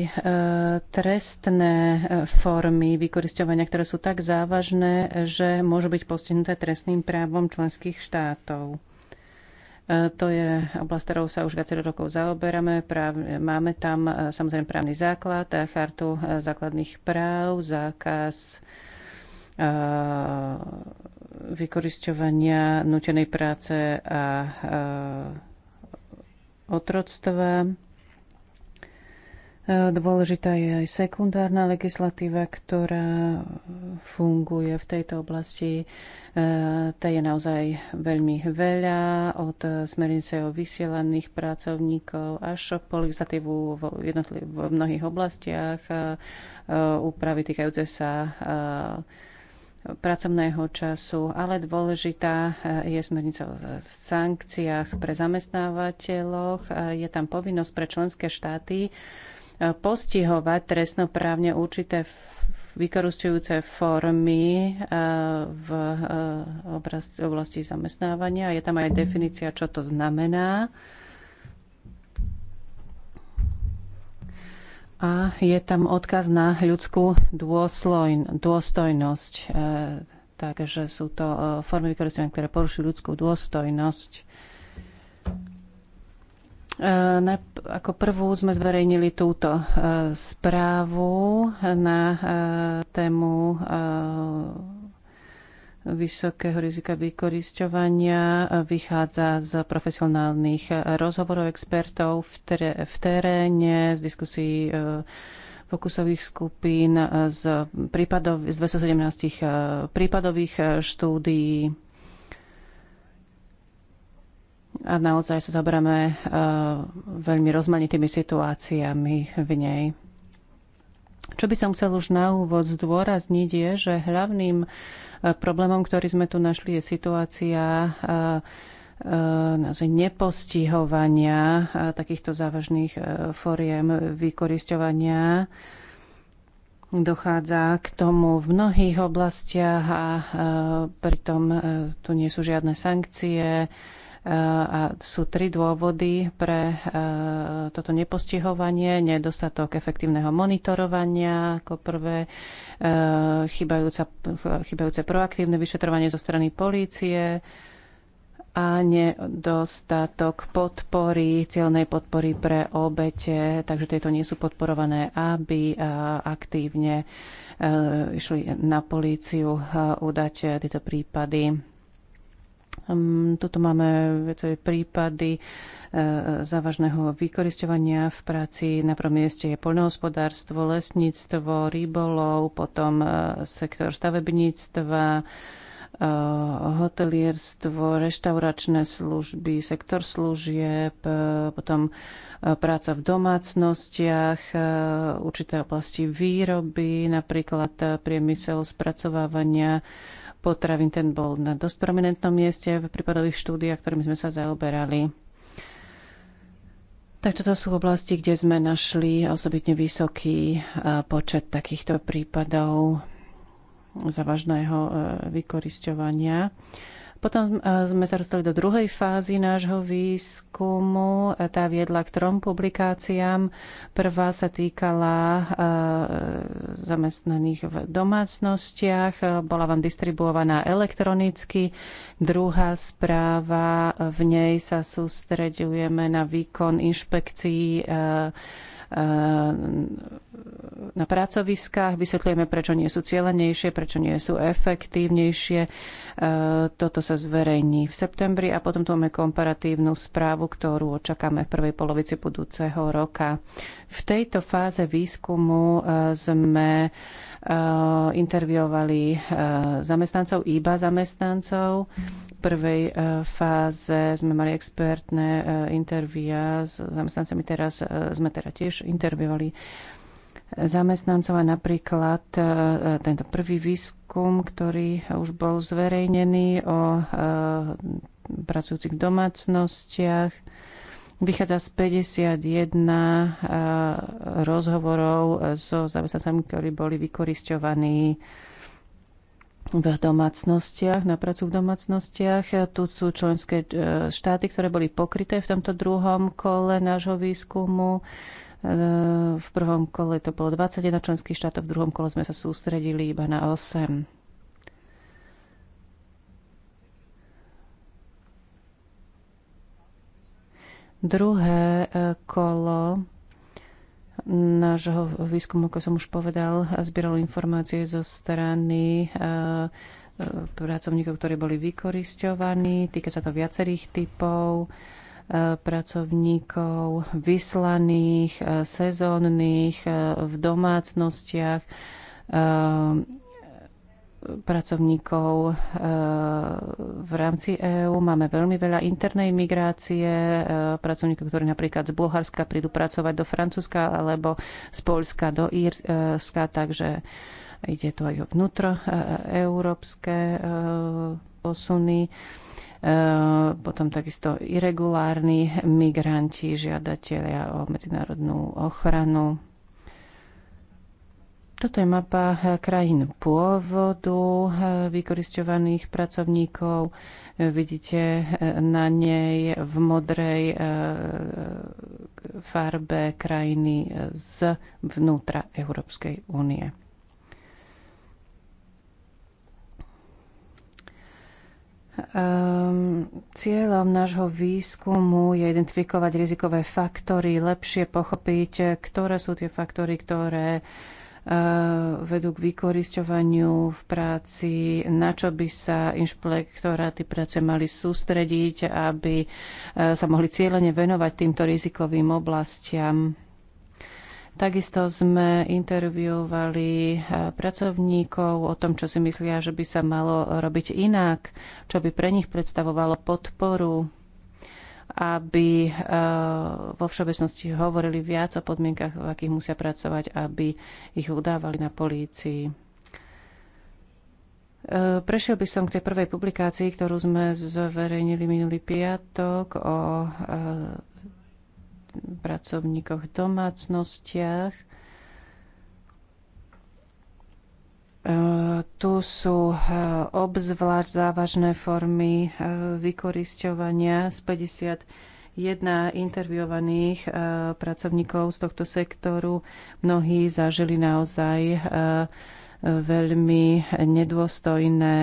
Speaker 2: trestné formy vykoristovania, ktoré sú tak závažné, že môžu byť postihnuté trestným právom členských štátov. To je oblasť, ktorou sa už viacero rokov zaoberáme. máme tam e, samozrejme právny základ, chartu e, základných práv, zákaz e, vykorisťovania nutenej práce a otroctva. Dôležitá je aj sekundárna legislatíva, ktorá funguje v tejto oblasti. E, tá je naozaj veľmi veľa, od smernice o vysielaných pracovníkov až po legislatívu v, v mnohých oblastiach, e, úpravy týkajúce sa e, pracovného času, ale dôležitá je smernica o sankciách pre zamestnávateľoch. Je tam povinnosť pre členské štáty postihovať trestnoprávne určité vykorúšťujúce formy e, e, v oblasti zamestnávania. Je tam aj definícia, čo to znamená. A je tam odkaz na ľudskú dôstojnosť. E, takže sú to formy vykoristovania, ktoré porušujú ľudskú dôstojnosť. E, ako prvú sme zverejnili túto e, správu na e, tému vysokého rizika vykorisťovania vychádza z profesionálnych rozhovorov expertov v, teréne, z diskusí fokusových skupín, z, prípadov, z 217 prípadových štúdií a naozaj sa zaberáme e, veľmi rozmanitými situáciami v nej. Čo by som chcel už na úvod zdôrazniť je, že hlavným e, problémom, ktorý sme tu našli, je situácia e, nepostihovania takýchto závažných foriem vykorisťovania. Dochádza k tomu v mnohých oblastiach a pritom tu nie sú žiadne sankcie a sú tri dôvody pre e, toto nepostihovanie. Nedostatok efektívneho monitorovania ako prvé, e, chybajúce proaktívne vyšetrovanie zo strany polície, a nedostatok podpory, cieľnej podpory pre obete, takže tieto nie sú podporované, aby e, aktívne išli na políciu udať tieto prípady. Hm, tuto máme viaceré prípady e, e, závažného vykoristovania v práci. Na prvom mieste je poľnohospodárstvo, lesníctvo, rybolov, potom e, sektor stavebníctva, hotelierstvo, reštauračné služby, sektor služieb, potom práca v domácnostiach, určité oblasti výroby, napríklad priemysel spracovávania potravín, ten bol na dosť prominentnom mieste v prípadových štúdiách, ktorými sme sa zaoberali. Tak toto sú oblasti, kde sme našli osobitne vysoký e, počet takýchto prípadov závažného e, vykorisťovania. Potom e, sme sa dostali do druhej fázy nášho výskumu. E, tá viedla k trom publikáciám. Prvá sa týkala e, zamestnaných v domácnostiach. Bola vám distribuovaná elektronicky. Druhá správa, v nej sa sústreďujeme na výkon inšpekcií na pracoviskách, vysvetlujeme, prečo nie sú cieľenejšie, prečo nie sú efektívnejšie. E, toto sa zverejní v septembri a potom tu máme komparatívnu správu, ktorú očakáme v prvej polovici budúceho roka. V tejto fáze výskumu e, sme e, interviovali zamestnancov, iba zamestnancov, prvej e, fáze sme mali expertné e, intervia s zamestnancami, teraz e, sme teda tiež interviovali zamestnancov a napríklad tento prvý výskum, ktorý už bol zverejnený o pracujúcich v domácnostiach, vychádza z 51 rozhovorov so zamestnancami, ktorí boli vykoristovaní v domácnostiach, na prácu v domácnostiach. Tu sú členské e, štáty, ktoré boli pokryté v tomto druhom kole nášho výskumu. E, v prvom kole to bolo 21 členských štátov, v druhom kole sme sa sústredili iba na 8. Druhé e, kolo nášho výskumu, ako som už povedal, zbieral informácie zo strany eh, pracovníkov, ktorí boli vykoristovaní. Týka sa to viacerých typov eh, pracovníkov, vyslaných, eh, sezónnych, v domácnostiach, pracovníkov eh, v rámci EÚ. Máme veľmi veľa internej migrácie eh, pracovníkov, ktorí napríklad z Bulharska prídu pracovať do Francúzska alebo z Polska do Írska, takže ide to aj o vnútro eh, európske posuny. Potom takisto irregulárni migranti, žiadatelia o medzinárodnú ochranu toto je mapa eh, krajín pôvodu eh, vykoristovaných pracovníkov. Eh, vidíte na nej v modrej farbe krajiny z vnútra Európskej únie. Um, cieľom nášho výskumu je identifikovať rizikové faktory, lepšie pochopiť, ktoré sú tie faktory, ktoré uh, Eh, vedú k vykorisťovaniu v práci, na čo by sa inšpektoráty práce mali sústrediť, aby eh, sa mohli cieľene venovať týmto rizikovým oblastiam. Takisto sme interviovali eh, pracovníkov o tom, čo si myslia, že by sa malo robiť inak, čo by pre nich predstavovalo podporu aby eh, vo všeobecnosti hovorili viac o podmienkach, v akých musia pracovať, aby ich udávali na polícii. Eh, prešiel by som k tej prvej publikácii, ktorú sme zverejnili minulý piatok o eh, pracovníkoch v domácnostiach. Tu sú e, obzvlášť závažné formy e, vykorisťovania z 51 interviovaných e, pracovníkov z tohto sektoru. Mnohí zažili naozaj veľmi nedôstojné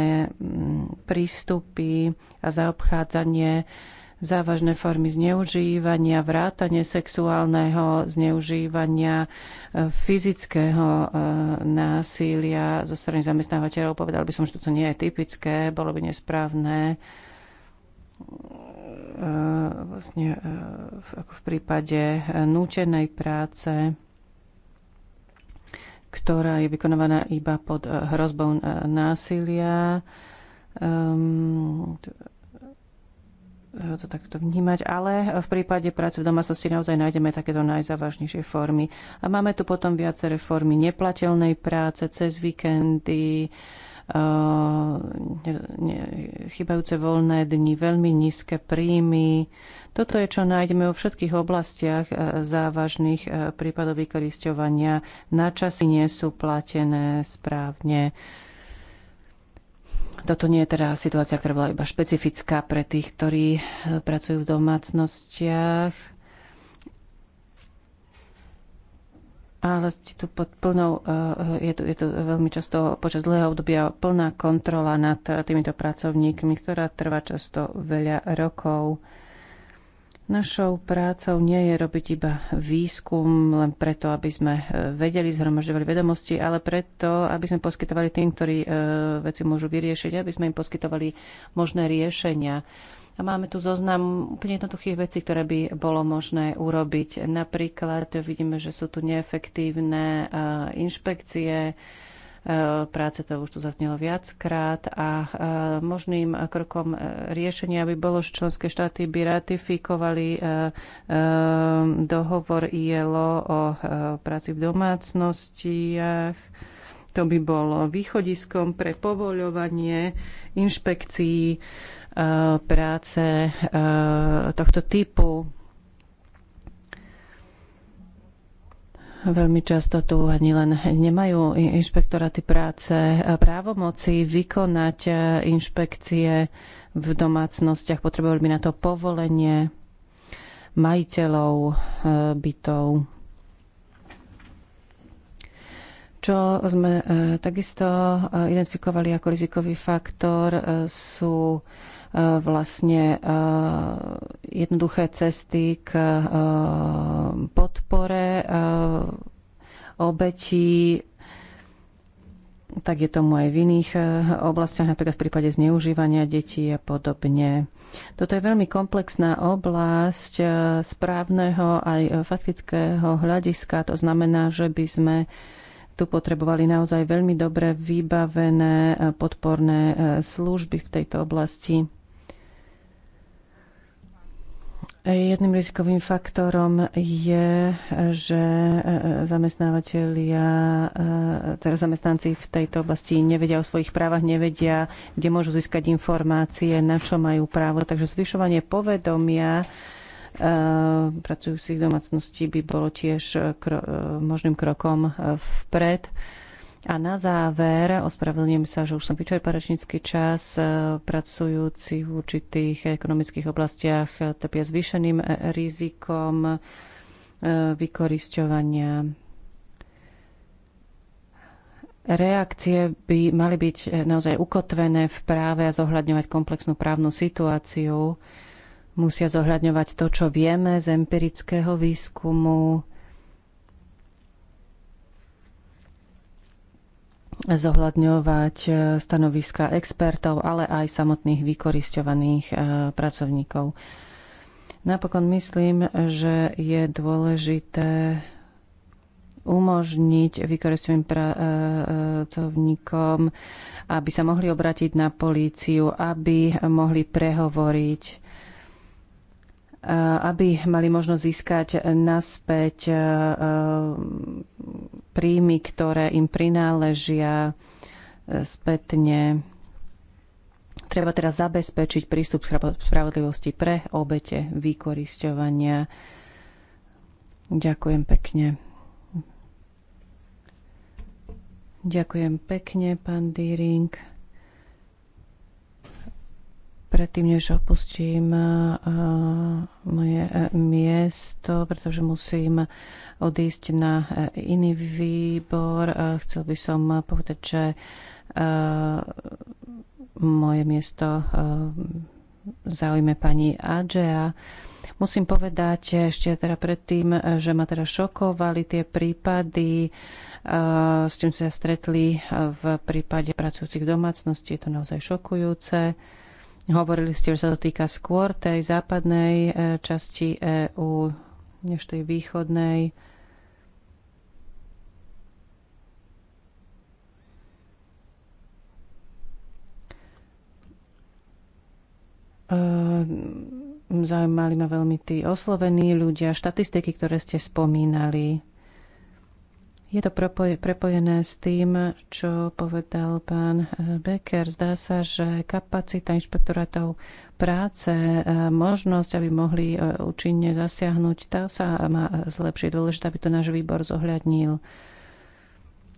Speaker 2: prístupy a zaobchádzanie závažné formy zneužívania, vrátanie sexuálneho zneužívania, e, fyzického e, násilia zo strany zamestnávateľov. Povedal by som, že toto nie je typické, bolo by nesprávne vlastne e, ako v prípade nútenej práce, ktorá je vykonovaná iba pod hrozbou násilia. Um, E, to takto vnímať, ale v prípade práce v domácnosti naozaj nájdeme takéto najzávažnejšie formy. A máme tu potom viaceré formy neplateľnej práce cez víkendy, e, chybajúce voľné dni, veľmi nízke príjmy. Toto je, čo nájdeme vo všetkých oblastiach e, závažných prípadov vykoristovania. Načasy nie sú platené správne toto nie je teda situácia, ktorá bola iba špecifická pre tých, ktorí eh, pracujú v domácnostiach. ale tu pod plnou, eh, eh, je tu, je tu veľmi často počas dlhého obdobia plná kontrola nad týmito pracovníkmi, ktorá trvá často veľa rokov. Našou prácou nie je robiť iba výskum len preto, aby sme e, vedeli, zhromažďovali vedomosti, ale preto, aby sme poskytovali tým, ktorí e, veci môžu vyriešiť, aby sme im poskytovali možné riešenia. A máme tu zoznam úplne jednoduchých vecí, ktoré by bolo možné urobiť. Napríklad vidíme, že sú tu neefektívne e, inšpekcie, Eh, práce, to už tu zaznelo viackrát. A eh, možným eh, krokom riešenia by bolo, že členské štáty by ratifikovali dohovor ILO o práci v domácnostiach. To by bolo východiskom pre povoľovanie inšpekcií práce tohto typu Veľmi často tu ani len nemajú inšpektoráty práce právomoci vykonať e, inšpekcie v domácnostiach. Potrebovali by na to povolenie majiteľov e, bytov. Čo sme e, takisto identifikovali ako rizikový faktor sú Eh, vlastne eh, jednoduché cesty k eh, podpore obetí tak je tomu aj v iných oblastiach, napríklad v prípade zneužívania detí a podobne. Toto je veľmi komplexná oblasť správneho aj faktického hľadiska. To znamená, že by sme tu potrebovali naozaj veľmi dobre vybavené podporné služby v tejto oblasti. Jedným rizikovým faktorom je, že eh, zamestnávateľia, eh, teda zamestnanci v tejto oblasti nevedia o svojich právach, nevedia, kde môžu získať informácie, na čo majú právo. Takže zvyšovanie povedomia eh, pracujúcich domácností by bolo tiež možným krokom vpred a na záver, ospravedlňujem sa, že už som vyčerpal rečnícky čas, e, pracujúci v určitých ekonomických oblastiach trpia zvýšeným e, rizikom e, vykorisťovania. Reakcie by mali byť naozaj ukotvené v práve a zohľadňovať komplexnú právnu situáciu. Musia zohľadňovať to, čo vieme z empirického výskumu, zohľadňovať e, stanoviska expertov, ale aj samotných vykoristovaných e, pracovníkov. Napokon myslím, že je dôležité umožniť vykoristovým pracovníkom, aby sa mohli obratiť na políciu, aby mohli prehovoriť Eh, aby mali možnosť získať naspäť eh, eh, príjmy, ktoré im prináležia spätne. Treba teraz zabezpečiť prístup spravodlivosti pre obete vykorisťovania. Ďakujem pekne. Ďakujem pekne, pán Dýring predtým, než opustím eh, eh, moje eh, miesto, pretože musím odísť na iný výbor. Chcel by som povedať, že moje miesto zaujme pani Adžea. Musím povedať ešte teda predtým, že ma teda šokovali tie prípady, s čím sa stretli v prípade pracujúcich domácností. Je to naozaj šokujúce. Hovorili ste, že sa to týka skôr tej západnej e, časti EÚ než tej východnej. E, zaujímali ma veľmi tí oslovení ľudia, štatistiky, ktoré ste spomínali. Je to prepojené s tým, čo povedal pán eh, Becker. Zdá sa, že kapacita inšpektorátov práce, eh, možnosť, aby mohli eh, účinne zasiahnuť, tá sa má zlepšiť. Dôležité, aby to náš výbor zohľadnil.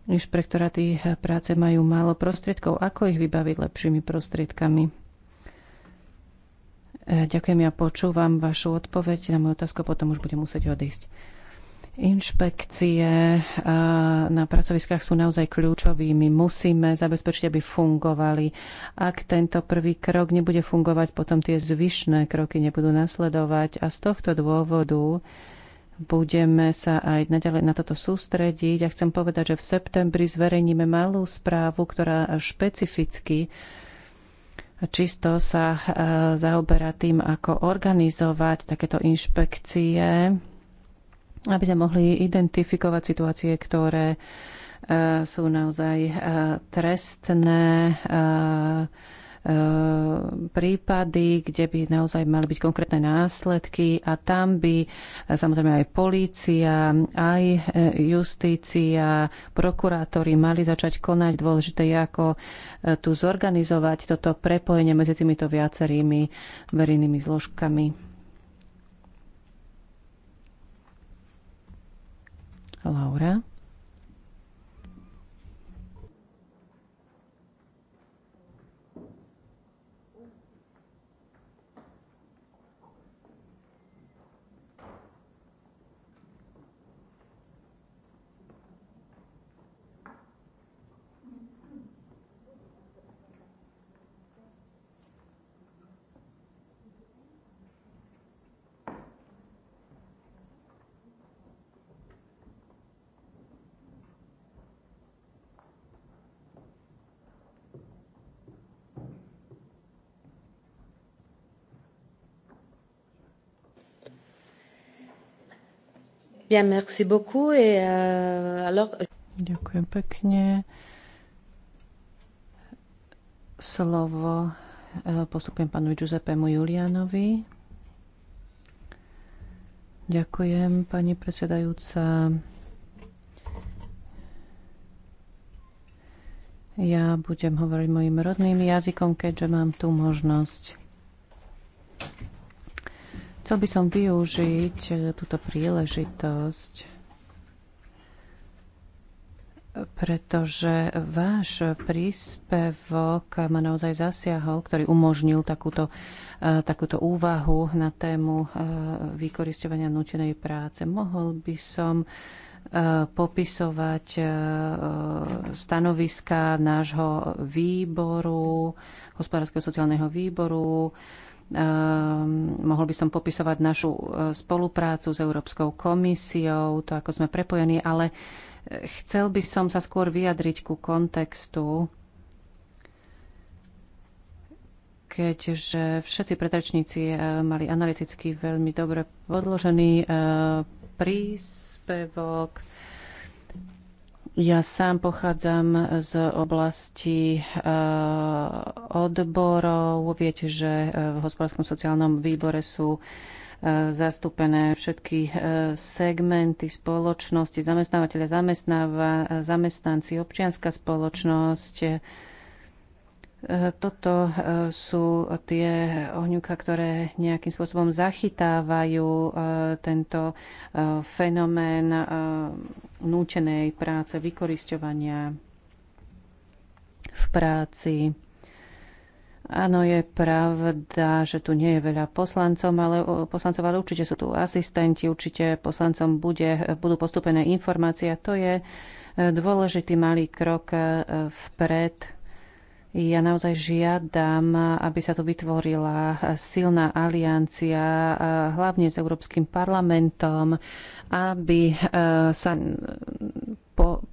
Speaker 2: Inšpektoráty práce majú málo prostriedkov. Ako ich vybaviť lepšími prostriedkami? Ďakujem, ja počúvam vašu odpoveď na moju otázku, potom už budem musieť odísť. Inšpekcie eh, na pracoviskách sú naozaj kľúčovými. Musíme zabezpečiť, aby fungovali. Ak tento prvý krok nebude fungovať, potom tie zvyšné kroky nebudú nasledovať. A z tohto dôvodu budeme sa aj naďalej na toto sústrediť. Ja chcem povedať, že v septembri zverejníme malú správu, ktorá špecificky čisto sa eh, zaoberá tým, ako organizovať takéto inšpekcie aby sme mohli identifikovať situácie, ktoré e, sú naozaj e, trestné e, prípady, kde by naozaj mali byť konkrétne následky a tam by samozrejme aj polícia, aj justícia, prokurátori mali začať konať. Dôležité je, ako tu zorganizovať toto prepojenie medzi týmito viacerými verejnými zložkami. Laura. Bien, merci beaucoup. Et, euh, alors... Euh, Ďakujem pekne. Slovo eh, postupujem panu Giuseppemu Julianovi. Ďakujem, pani predsedajúca. Ja budem hovoriť mojim rodným jazykom, keďže mám tú možnosť. Chcel by som využiť e, túto príležitosť, pretože váš príspevok ma naozaj zasiahol, ktorý umožnil takúto, e, takúto úvahu na tému e, vykoristovania nutenej práce. Mohol by som popisovať stanoviska nášho výboru, hospodárskeho sociálneho výboru, Ehm, mohol by som popisovať našu e, spoluprácu s Európskou komisiou, to, ako sme prepojení, ale e, chcel by som sa skôr vyjadriť ku kontextu, keďže všetci predrečníci e, mali analyticky veľmi dobre podložený príspevok ja sám pochádzam z oblasti eh, odborov. Viete, že eh, v hospodárskom sociálnom výbore sú eh, zastúpené všetky segmenty spoločnosti, zamestnávateľe, zamestnáva, zamestnanci, občianská spoločnosť, toto e, sú tie ohňuka, ktoré nejakým spôsobom zachytávajú e, tento e, fenomén núčenej práce, vykorisťovania v práci. Áno, je pravda, že tu nie je veľa poslancov, ale, poslancov, ale určite sú tu asistenti, určite poslancom bude, budú postupené informácie a to je dôležitý malý krok vpred ja naozaj žiadam, aby sa tu vytvorila silná aliancia, eh, hlavne s Európskym parlamentom, aby eh, sa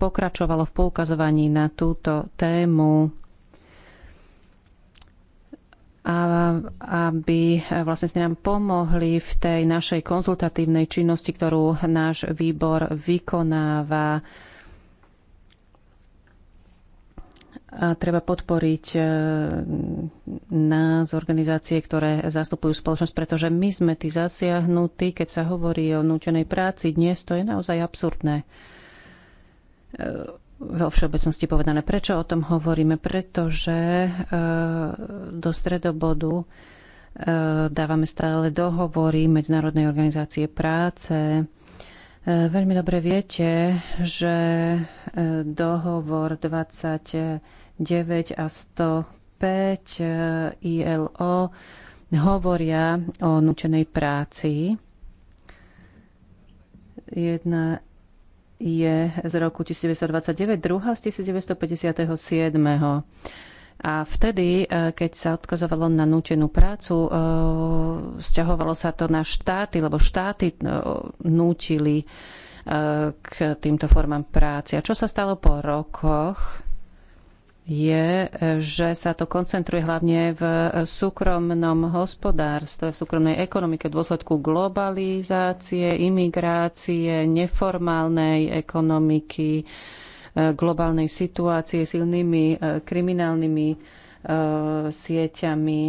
Speaker 2: pokračovalo v poukazovaní na túto tému a aby eh, vlastne ste nám pomohli v tej našej konzultatívnej činnosti, ktorú náš výbor vykonáva a treba podporiť e, nás, organizácie, ktoré zastupujú spoločnosť, pretože my sme tí zasiahnutí, keď sa hovorí o nútenej práci. Dnes to je naozaj absurdné e, vo všeobecnosti povedané. Prečo o tom hovoríme? Pretože e, do stredobodu dávame stále dohovory Medzinárodnej organizácie práce. Veľmi dobre viete, že dohovor 20. 9 a 105 eh, ILO hovoria o nutenej práci. Jedna je z roku 1929, druhá z 1957. A vtedy, eh, keď sa odkazovalo na nútenú prácu, eh, vzťahovalo sa to na štáty, lebo štáty nútili k týmto formám práce. A čo sa stalo po rokoch? je, že sa to koncentruje hlavne v súkromnom hospodárstve, v súkromnej ekonomike v dôsledku globalizácie, imigrácie, neformálnej ekonomiky, e, globálnej situácie, silnými e, kriminálnymi e, sieťami.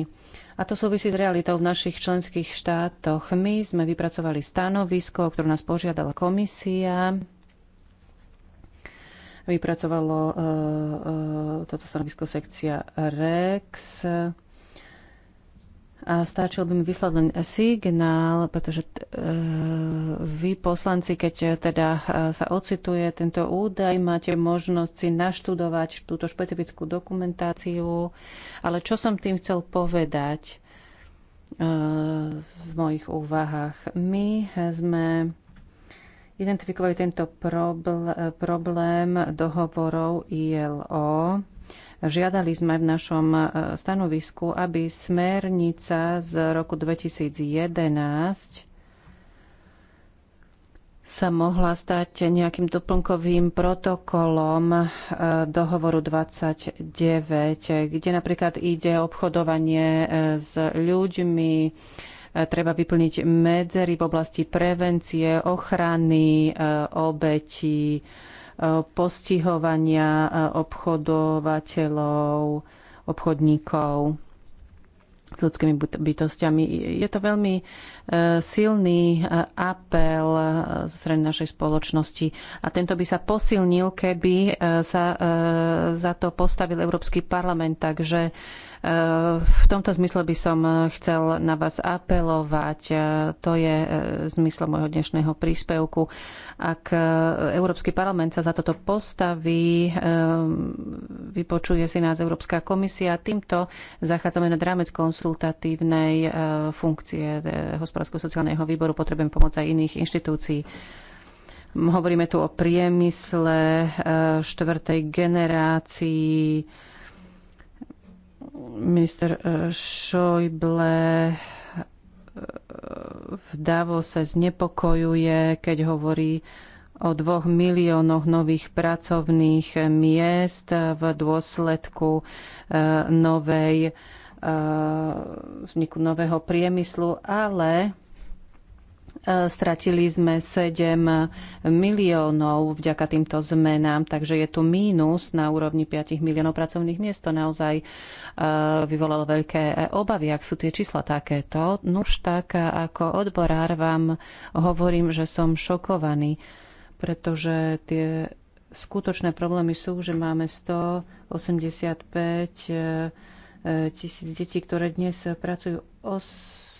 Speaker 2: A to súvisí s realitou v našich členských štátoch. My sme vypracovali stanovisko, ktoré nás požiadala komisia Vypracovalo e, e, toto stanovisko sekcia REX. A stačil by mi vyslať len signál, pretože e, vy poslanci, keď teda sa ocituje tento údaj, máte možnosť si naštudovať túto špecifickú dokumentáciu. Ale čo som tým chcel povedať v mojich úvahách? My sme identifikovali tento problém dohovorov ILO. Žiadali sme v našom e, stanovisku, aby smernica z roku 2011 sa mohla stať nejakým doplnkovým protokolom e, dohovoru 29, kde napríklad ide obchodovanie e, s ľuďmi, Treba vyplniť medzery v oblasti prevencie, ochrany e, obetí, e, postihovania e, obchodovateľov, obchodníkov s ľudskými bytostiami. Je to veľmi silný apel zo strany našej spoločnosti a tento by sa posilnil, keby sa za to postavil Európsky parlament. Takže Eh, v tomto zmysle by som eh, chcel na vás apelovať. Eh, to je zmysel môjho dnešného príspevku. Ak Európsky parlament sa za toto postaví, vypočuje si nás Európska komisia. Týmto zachádzame na rámec konsultatívnej funkcie hospodárskeho sociálneho výboru. Potrebujem pomoc aj iných inštitúcií. Hovoríme tu o priemysle štvrtej generácii, Minister Šojble eh, eh, v sa znepokojuje, keď hovorí o dvoch miliónoch nových pracovných miest v dôsledku eh, novej, vzniku nového priemyslu, ale Eh, stratili sme 7 miliónov vďaka týmto zmenám, takže je tu mínus na úrovni 5 miliónov pracovných miest. To naozaj eh, vyvolalo veľké eh, obavy, ak sú tie čísla takéto. Nuž tak, ako odborár vám hovorím, že som šokovaný, pretože tie skutočné problémy sú, že máme 185 tisíc detí, ktoré dnes pracujú 8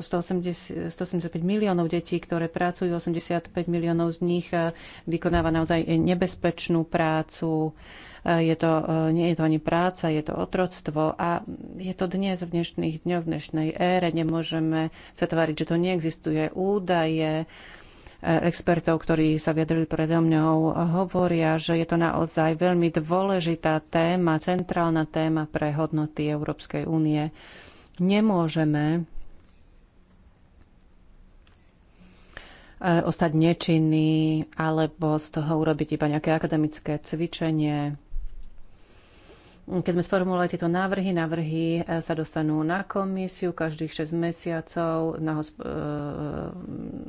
Speaker 2: 180, e, 185 e, miliónov detí, ktoré pracujú, 85 miliónov z nich e, vykonáva naozaj nebezpečnú prácu. Je to, nie je to ani práca, je to otroctvo a je to dnes v dnešných dňoch, v dnešnej ére. Nemôžeme sa tváriť, že to neexistuje. Údaje, expertov, ktorí sa vyjadrili predo mňou, hovoria, že je to naozaj veľmi dôležitá téma, centrálna téma pre hodnoty Európskej únie. Nemôžeme e, ostať nečinný alebo z toho urobiť iba nejaké akademické cvičenie. Keď sme sformulovali tieto návrhy, návrhy e, sa dostanú na komisiu každých 6 mesiacov, na, e,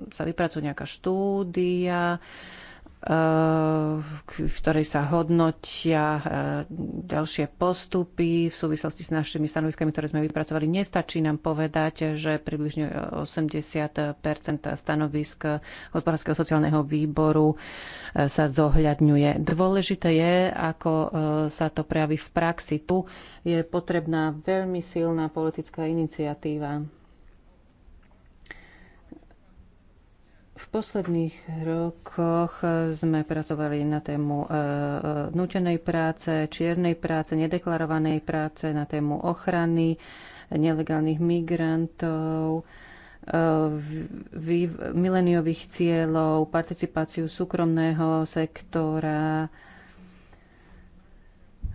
Speaker 2: sa vypracuje nejaká štúdia, Eh, v ktorej sa hodnotia eh, ďalšie postupy v súvislosti s našimi stanoviskami, ktoré sme vypracovali. Nestačí nám povedať, že približne 80 stanovisk hospodárskeho sociálneho výboru eh, sa zohľadňuje. Dôležité je, ako sa to prejaví v praxi. Tu je potrebná veľmi silná politická iniciatíva V posledných rokoch sme pracovali na tému e, e, nutenej práce, čiernej práce, nedeklarovanej práce, na tému ochrany nelegálnych migrantov, e, mileniových cieľov, participáciu súkromného sektora,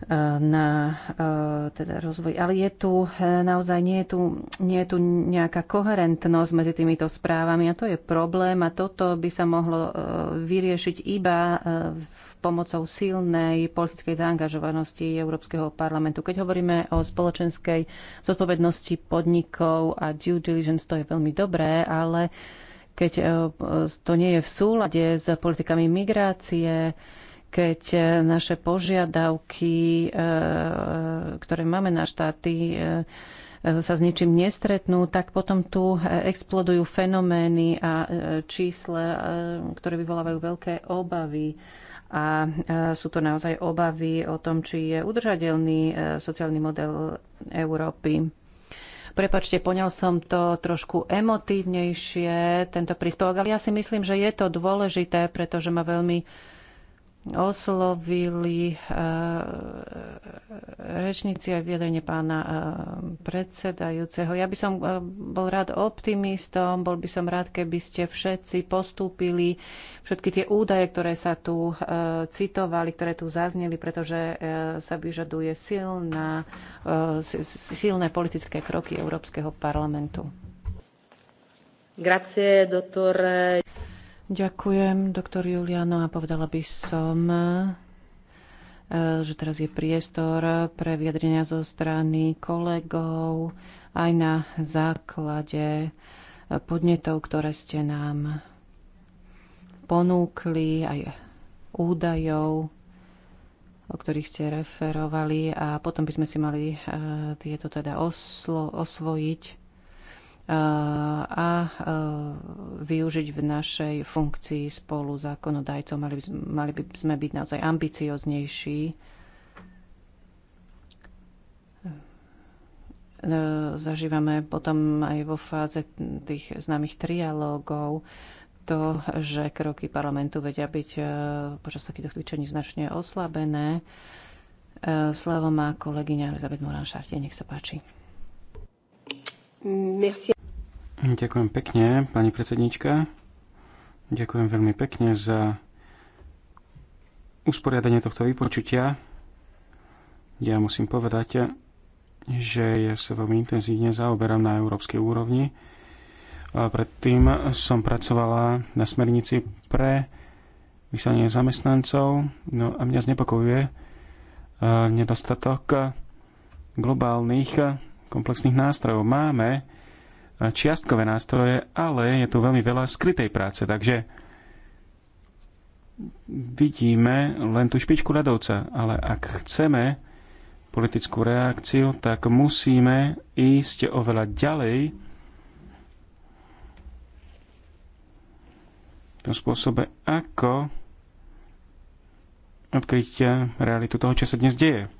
Speaker 2: Eh, na eh, teda rozvoj. Ale je tu eh, naozaj nie je tu, nie je tu nejaká koherentnosť medzi týmito správami a to je problém a toto by sa mohlo vyriešiť iba pomocou silnej politickej zaangažovanosti Európskeho parlamentu. Keď hovoríme o spoločenskej zodpovednosti podnikov a due diligence, to je veľmi dobré, ale keď to nie je v súlade s politikami migrácie, keď e, naše požiadavky, e, e, ktoré máme na štáty, sa s ničím nestretnú, tak potom tu explodujú fenomény a čísla, ktoré vyvolávajú veľké obavy. A sú to naozaj obavy o tom, či je udržateľný sociálny model Európy. Prepačte, poňal som to trošku emotívnejšie, tento príspevok, ale ja si myslím, že je to dôležité, pretože ma veľmi oslovili e, rečníci aj viedenie pána e, predsedajúceho. Ja by som e, bol rád optimistom, bol by som rád, keby ste všetci postúpili všetky tie údaje, ktoré sa tu citovali, ktoré tu zazneli, pretože sa vyžaduje silná, silné politické kroky Európskeho parlamentu. Grazie, doktor. Ďakujem, doktor Juliano, a povedala by som, e, že teraz je priestor pre vyjadrenia zo strany kolegov aj na základe e, podnetov, ktoré ste nám ponúkli, aj údajov, o ktorých ste referovali a potom by sme si mali e, tieto teda oslo, osvojiť a využiť v našej funkcii spolu zákonodajcov. Mali by, mali by sme byť naozaj ambicioznejší. E, zažívame potom aj vo fáze tých známych trialógov to, že kroky parlamentu vedia byť e, počas takýchto cvičení značne oslabené. E, slovo má kolegyňa Elizabeth Moran-Šartie. Nech sa páči. Merci.
Speaker 1: Ďakujem pekne, pani predsednička. Ďakujem veľmi pekne za usporiadanie tohto vypočutia. Ja musím povedať, že ja sa veľmi intenzívne zaoberám na európskej úrovni. Predtým som pracovala na smernici pre vyslanie zamestnancov no a mňa znepokojuje e, nedostatok globálnych komplexných nástrojov. Máme čiastkové nástroje, ale je tu veľmi veľa skrytej práce, takže vidíme len tú špičku ľadovca, ale ak chceme politickú reakciu, tak musíme ísť oveľa ďalej v tom spôsobe, ako odkryť realitu toho, čo sa dnes deje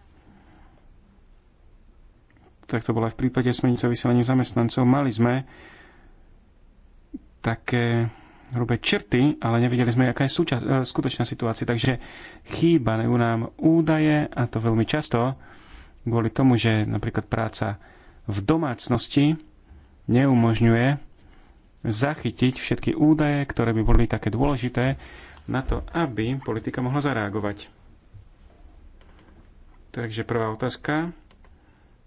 Speaker 1: tak to bolo aj v prípade smenice o vysielaní zamestnancov, mali sme také hrubé črty, ale nevedeli sme, aká je súča- e, skutočná situácia. Takže chýbajú nám údaje a to veľmi často kvôli tomu, že napríklad práca v domácnosti neumožňuje zachytiť všetky údaje, ktoré by boli také dôležité na to, aby politika mohla zareagovať. Takže prvá otázka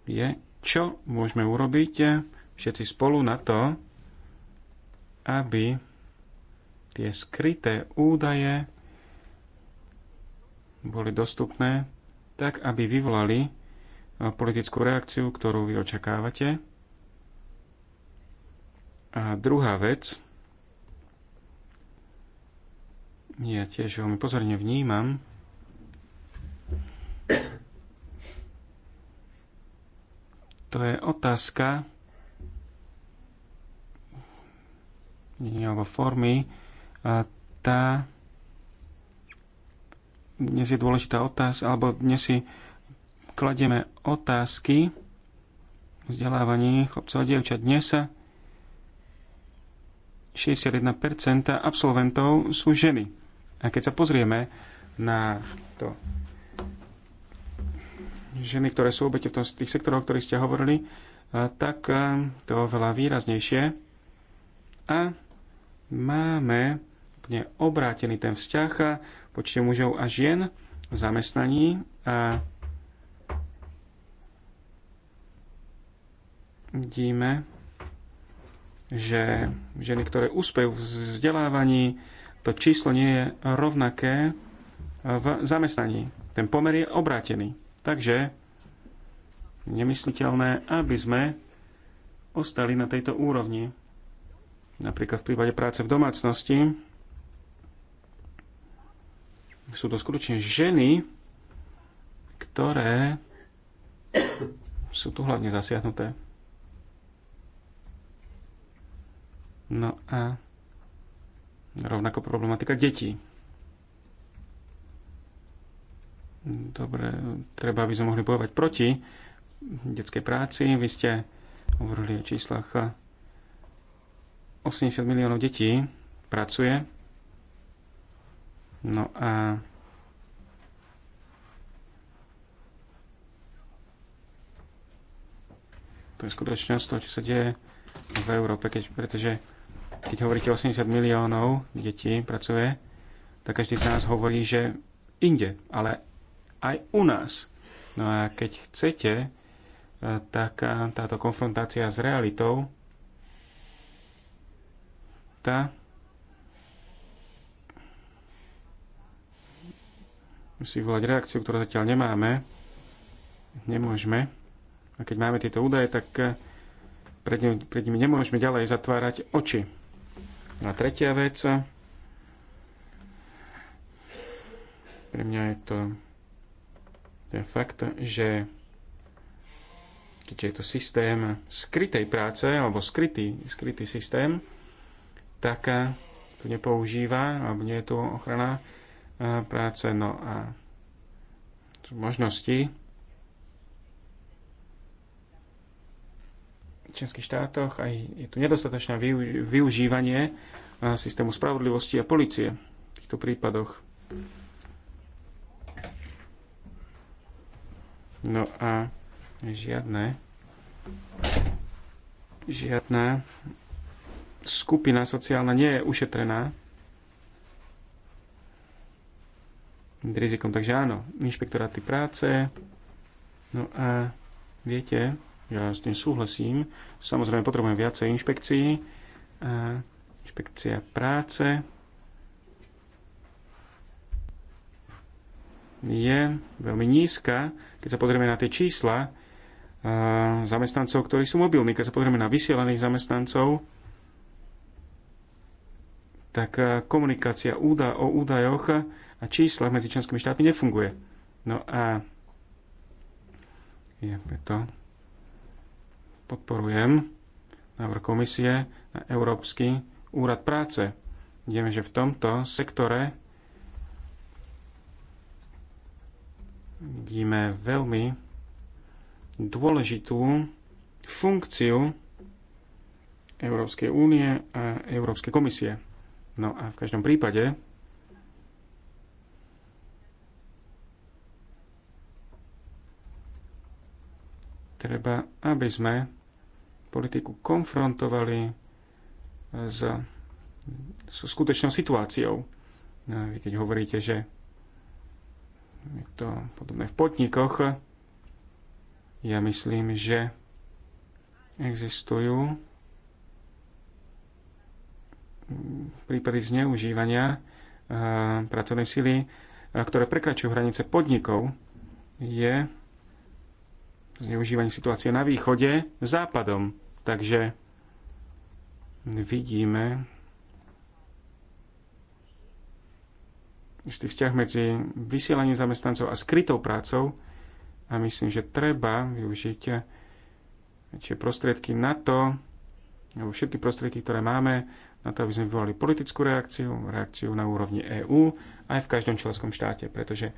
Speaker 1: je, čo môžeme urobiť eh, všetci spolu na to, aby tie skryté údaje boli dostupné tak, aby vyvolali eh, politickú reakciu, ktorú vy očakávate. A druhá vec, ja tiež veľmi pozorne vnímam, to je otázka alebo formy. A tá dnes je dôležitá otázka, alebo dnes si kladieme otázky vzdelávaní chlapcov a dievčat. Dnes sa 61% absolventov sú ženy. A keď sa pozrieme na to ženy, ktoré sú obete v tom tých sektoroch, o ktorých ste hovorili, tak to je oveľa výraznejšie. A máme úplne obrátený ten vzťah počte mužov a žien v zamestnaní a vidíme, že ženy, ktoré úspejú v vzdelávaní, to číslo nie je rovnaké v zamestnaní. Ten pomer je obrátený. Takže nemysliteľné, aby sme ostali na tejto úrovni. Napríklad v prípade práce v domácnosti sú to skutočne ženy, ktoré sú tu hlavne zasiahnuté. No a rovnako problematika detí. Dobre, treba, aby sme mohli bojovať proti detskej práci. Vy ste hovorili o číslach 80 miliónov detí pracuje. No a to je skutočnosť to, čo sa deje v Európe, keď, pretože keď hovoríte 80 miliónov detí pracuje, tak každý z nás hovorí, že inde, ale aj u nás. No a keď chcete, eh, tak eh, táto konfrontácia s realitou, tá musí volať reakciu, ktorú zatiaľ nemáme, nemôžeme. A keď máme tieto údaje, tak eh, pred, nimi, pred nimi nemôžeme ďalej zatvárať oči. A tretia vec, pre mňa je to ten fakt, že keďže je to systém skrytej práce, alebo skrytý, skrytý systém, tak eh, to nepoužíva, alebo nie je tu ochrana eh, práce. No a možnosti v českých štátoch aj je tu nedostatočné využívanie eh, systému spravodlivosti a policie v týchto prípadoch. No a žiadne žiadna skupina sociálna nie je ušetrená rizikom. Takže áno, inšpektoráty práce. No a viete, ja s tým súhlasím. Samozrejme, potrebujem viacej inšpekcií. A inšpekcia práce je veľmi nízka, keď sa pozrieme na tie čísla eh, zamestnancov, ktorí sú mobilní. Keď sa pozrieme na vysielaných zamestnancov, tak eh, komunikácia úda o údajoch a číslach medzi členskými štátmi nefunguje. No a ja preto podporujem návrh komisie na Európsky úrad práce. Vieme, že v tomto sektore vidíme veľmi dôležitú funkciu Európskej únie a Európskej komisie. No a v každom prípade treba, aby sme politiku konfrontovali s, s skutočnou situáciou. No, vy keď hovoríte, že je to podobné v podnikoch. Ja myslím, že existujú prípady zneužívania eh, pracovnej sily, eh, ktoré prekračujú hranice podnikov. Je zneužívanie situácie na východe západom. Takže vidíme istý vzťah medzi vysielaním zamestnancov a skrytou prácou a myslím, že treba využiť väčšie prostriedky na to, alebo všetky prostriedky, ktoré máme, na to, aby sme vyvolali politickú reakciu, reakciu na úrovni EÚ aj v každom členskom štáte, pretože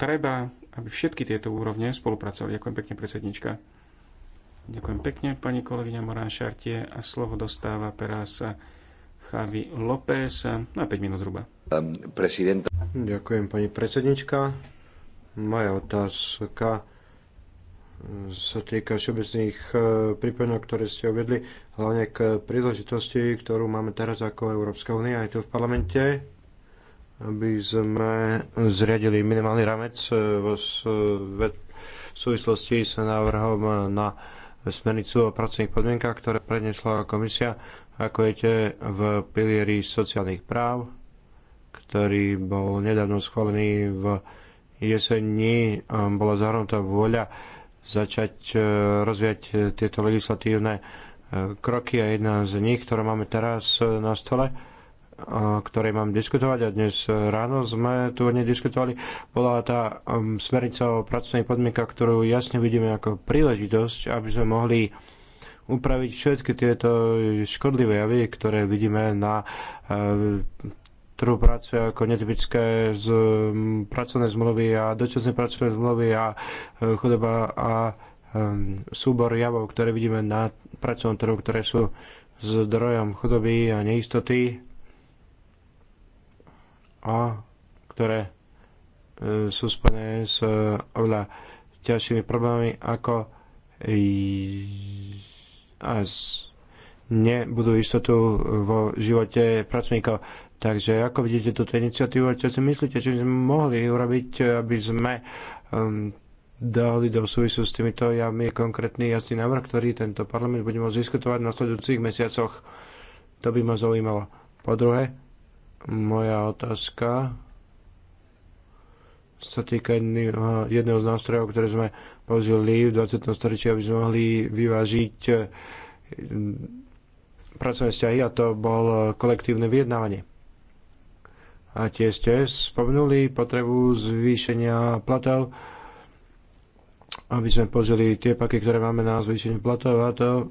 Speaker 1: treba, aby všetky tieto úrovne spolupracovali. Ďakujem pekne, predsednička. Ďakujem pekne, pani kolegyňa Morán Šartie a slovo dostáva teraz Javi López na 5 minút zhruba.
Speaker 3: Prezidenta. Ďakujem pani predsednička. Moja otázka sa týka všeobecných e, prípadov, ktoré ste uvedli, hlavne k príležitosti, ktorú máme teraz ako Európska únia aj tu v parlamente, aby sme zriadili minimálny ramec e, v súvislosti s návrhom na smernicu o pracovných podmienkach, ktoré prednesla komisia ako viete, v pilieri sociálnych práv, ktorý bol nedávno schválený v jesení, bola zahrnutá vôľa začať e, rozvíjať tieto legislatívne e, kroky a jedna z nich, ktoré máme teraz e, na stole, o ktorej mám diskutovať a dnes ráno sme tu nediskutovali, bola tá smernica o pracovných podmienkach, ktorú jasne vidíme ako príležitosť, aby sme mohli upraviť všetky tieto škodlivé javy, ktoré vidíme na eh, trhu práce ako netypické z pracovné zmluvy a dočasné pracovné zmluvy a eh, chudoba a eh, súbor javov, ktoré vidíme na pracovnom trhu, ktoré sú zdrojom chudoby a neistoty a ktoré sú spojené s oveľa ťažšími problémami ako a nebudú istotu vo živote pracovníkov. Takže ako vidíte túto iniciatívu a čo si myslíte, že by sme mohli urobiť, aby sme um, dali do súvisu s týmito javmi konkrétny jasný návrh, ktorý tento parlament bude môcť diskutovať v nasledujúcich mesiacoch. To by ma zaujímalo. Po druhé, moja otázka sa týka jedného z nástrojov, ktoré sme použili v 20. storočí, aby sme mohli vyvážiť eh, pracovné vzťahy a to bol kolektívne vyjednávanie. A tiež ste spomenuli potrebu zvýšenia platov, aby sme použili tie paky, ktoré máme na zvýšenie platov a to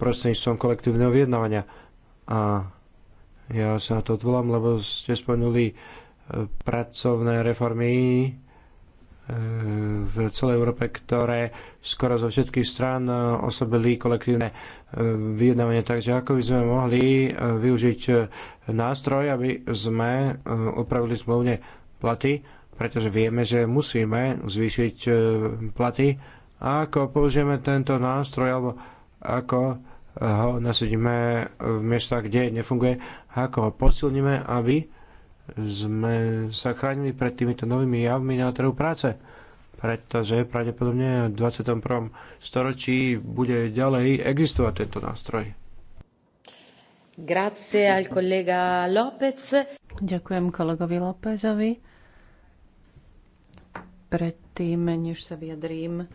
Speaker 3: prostredníctvom kolektívneho vyjednávania. A ja sa na to odvolám, lebo ste spomenuli eh, pracovné reformy v celej Európe, ktoré skoro zo všetkých strán osobili kolektívne e, vyjednávanie. Takže ako by sme mohli e, využiť e, nástroj, aby sme upravili zmluvne platy, pretože vieme, že musíme zvýšiť platy. A ako použijeme tento nástroj, alebo ako ho nasadíme v miestach, kde nefunguje, ako ho posilníme, aby sme sa chránili pred týmito novými javmi na trhu práce, pretože pravdepodobne v 21. storočí bude ďalej existovať tento nástroj.
Speaker 2: Grazie al collega López. Ďakujem kolegovi Lópezovi. Predtým, než sa vyjadrím,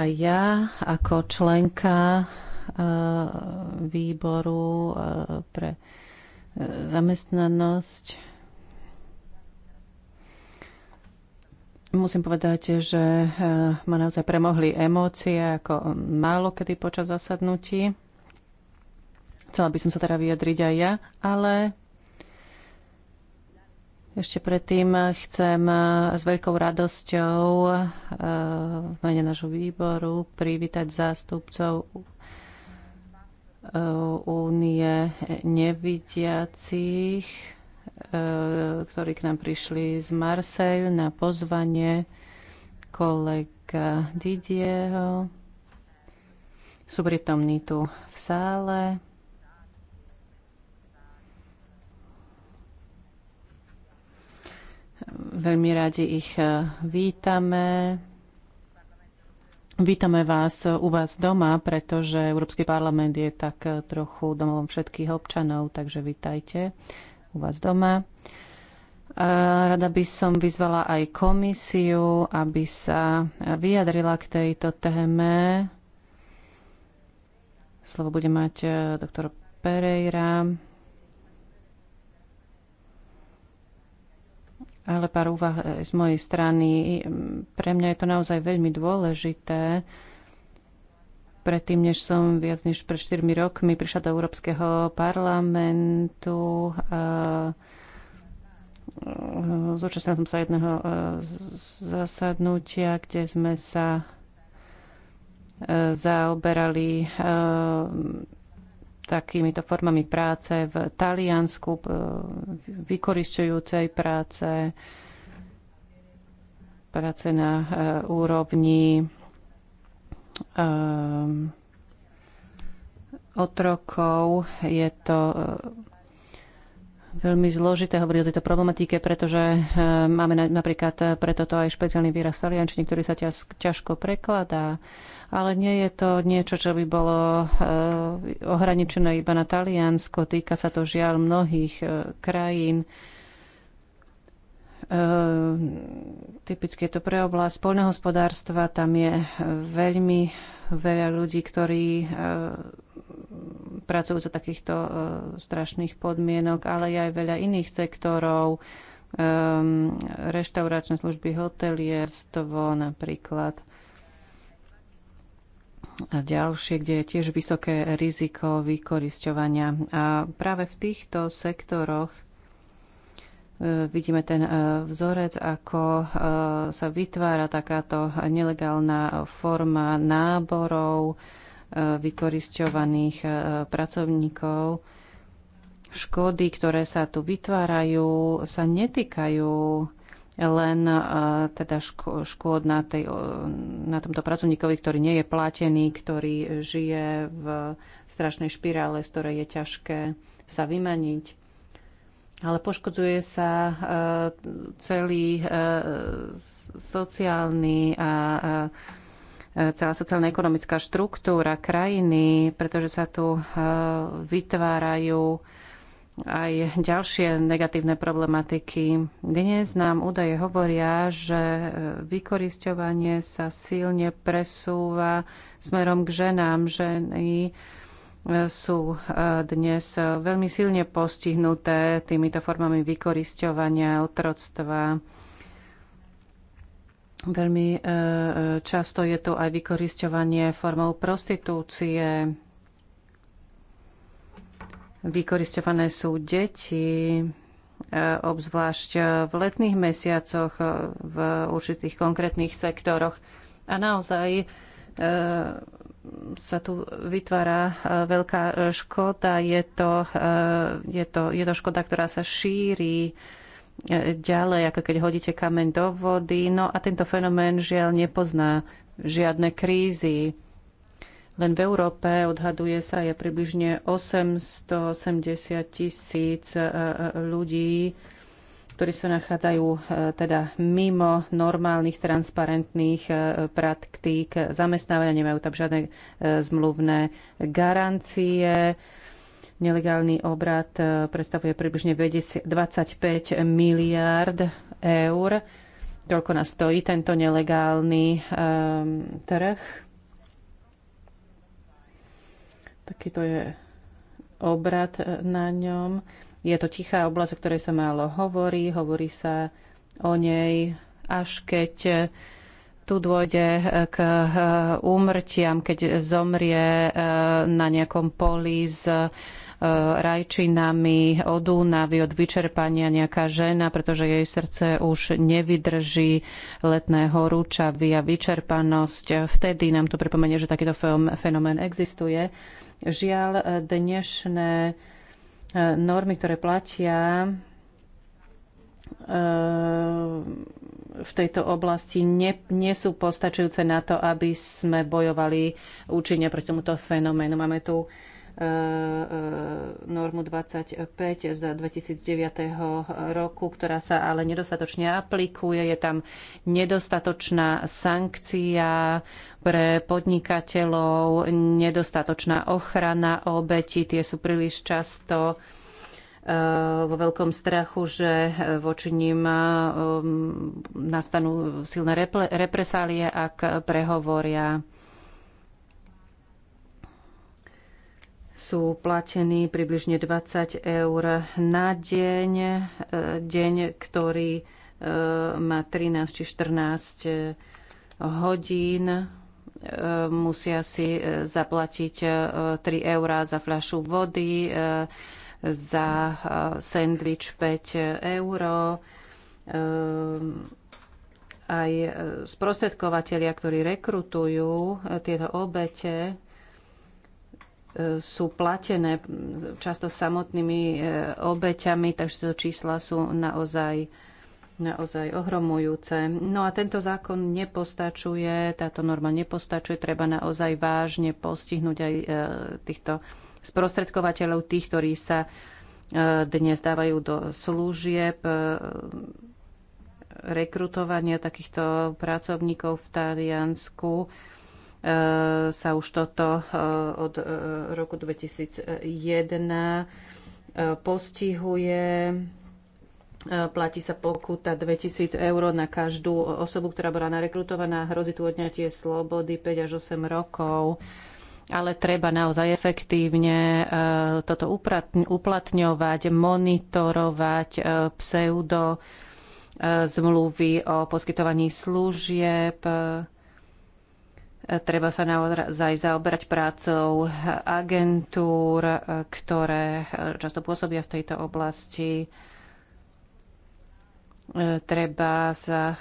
Speaker 2: aj ja ako členka eh, výboru eh, pre eh, zamestnanosť Musím povedať, že eh, ma naozaj premohli emócie ako málo kedy počas zasadnutí. Chcela by som sa teda vyjadriť aj ja, ale ešte predtým chcem s veľkou radosťou eh, v mene nášho výboru privítať zástupcov Únie eh, nevidiacich E, ktorí k nám prišli z Marseille na pozvanie kolega Didieho. Sú prítomní tu v sále. Veľmi radi ich e, vítame. Vítame vás u vás doma, pretože Európsky parlament je tak trochu domovom všetkých občanov, takže vítajte u vás doma. Rada by som vyzvala aj komisiu, aby sa vyjadrila k tejto téme. Slovo bude mať e, doktor Pereira. Ale pár úvah e, z mojej strany. Pre mňa je to naozaj veľmi dôležité, predtým, než som viac než pred 4 rokmi prišla do Európskeho parlamentu. Eh, zúčastnila som sa jedného eh, zasadnutia, kde sme sa eh, zaoberali takýmito formami práce v Taliansku, vykoristujúcej práce, práce na úrovni Ehm, otrokov. Je to eh, veľmi zložité hovoriť o tejto problematike, pretože eh, máme napríklad eh, pre toto aj špeciálny výraz taliančiny, ktorý sa ťažko prekladá, ale nie je to niečo, čo by bolo ohraničené iba na Taliansko. Týka sa to žiaľ mnohých krajín. Ehm, typicky je to pre oblasť poľnohospodárstva, tam je eh, veľmi veľa ľudí, ktorí eh, pracujú za takýchto eh, strašných podmienok, ale aj veľa iných sektorov, ehm, reštauračné služby, hotelierstvo napríklad a ďalšie, kde je tiež vysoké riziko vykorisťovania. A práve v týchto sektoroch Vidíme ten e, vzorec, ako e, sa vytvára takáto nelegálna forma náborov e, vykorisťovaných pracovníkov. Škody, ktoré sa tu vytvárajú, sa netýkajú len teda škôd na, tej, na tomto pracovníkovi, ktorý nie je platený, ktorý žije v strašnej špirále, z ktorej je ťažké sa vymaniť ale poškodzuje sa eh, celý eh, sociálny a eh, celá sociálno-ekonomická štruktúra krajiny, pretože sa tu vytvárajú aj ďalšie negatívne problematiky. Dnes nám údaje hovoria, že vykorisťovanie sa silne presúva smerom k ženám. Ženy sú e, dnes veľmi silne postihnuté týmito formami vykorisťovania, otroctva. Veľmi e, e, často je tu aj vykorisťovanie formou prostitúcie. Vykorisťované sú deti, obzvlášť v letných mesiacoch v určitých konkrétnych sektoroch. A naozaj sa tu vytvára e, veľká e, škoda. Je to, e, je to, je to škoda, ktorá sa šíri ďalej, ako keď hodíte kameň do vody. No a tento fenomén žiaľ nepozná žiadne krízy. Len v Európe odhaduje sa je približne 880 tisíc ľudí, ktorí sa nachádzajú e, teda mimo normálnych transparentných e, praktík zamestnávania, nemajú tam žiadne e, zmluvné garancie. Nelegálny obrad predstavuje približne 25 miliárd eur. Toľko nás stojí tento nelegálny um, trh. Takýto je obrad na ňom. Je to tichá oblasť, o ktorej sa málo hovorí. Hovorí sa o nej, až keď tu dôjde k eh, úmrtiam, keď zomrie eh, na nejakom poli s eh, rajčinami od únavy, od vyčerpania nejaká žena, pretože jej srdce už nevydrží letné horúčavy a vyčerpanosť. Vtedy nám to pripomenie, že takýto fenomén existuje. Žiaľ, dnešné E, normy, ktoré platia e, v tejto oblasti nie, nie sú postačujúce na to, aby sme bojovali účinne proti tomuto fenoménu. Máme tu E, e, normu 25 z 2009 roku, ktorá sa ale nedostatočne aplikuje. Je tam nedostatočná sankcia pre podnikateľov, nedostatočná ochrana obeti. Tie sú príliš často e, vo veľkom strachu, že voči ním nastanú silné represálie, ak prehovoria sú platení približne 20 eur na deň, e, deň, ktorý e, má 13 či 14 e, hodín. Musia si zaplatiť 3 eur za fľašu vody, za sendvič 5 eur. Aj sprostredkovateľia, ktorí rekrutujú tieto obete, sú platené často samotnými e, obeťami, takže to čísla sú naozaj, naozaj ohromujúce. No a tento zákon nepostačuje, táto norma nepostačuje, treba naozaj vážne postihnúť aj e, týchto sprostredkovateľov, tých, ktorí sa e, dnes dávajú do služieb rekrutovania takýchto pracovníkov v Taliansku Eh, sa už toto eh, od eh, roku 2001 postihuje. Platí sa pokuta 2000 eur na každú osobu, ktorá bola narekrutovaná. Hrozí tu odňatie slobody 5 až 8 rokov ale treba naozaj efektívne toto uplatňovať, monitorovať pseudo zmluvy o poskytovaní služieb, E, treba sa naozaj zaoberať prácou agentúr, e, ktoré e, často pôsobia v tejto oblasti. Treba sa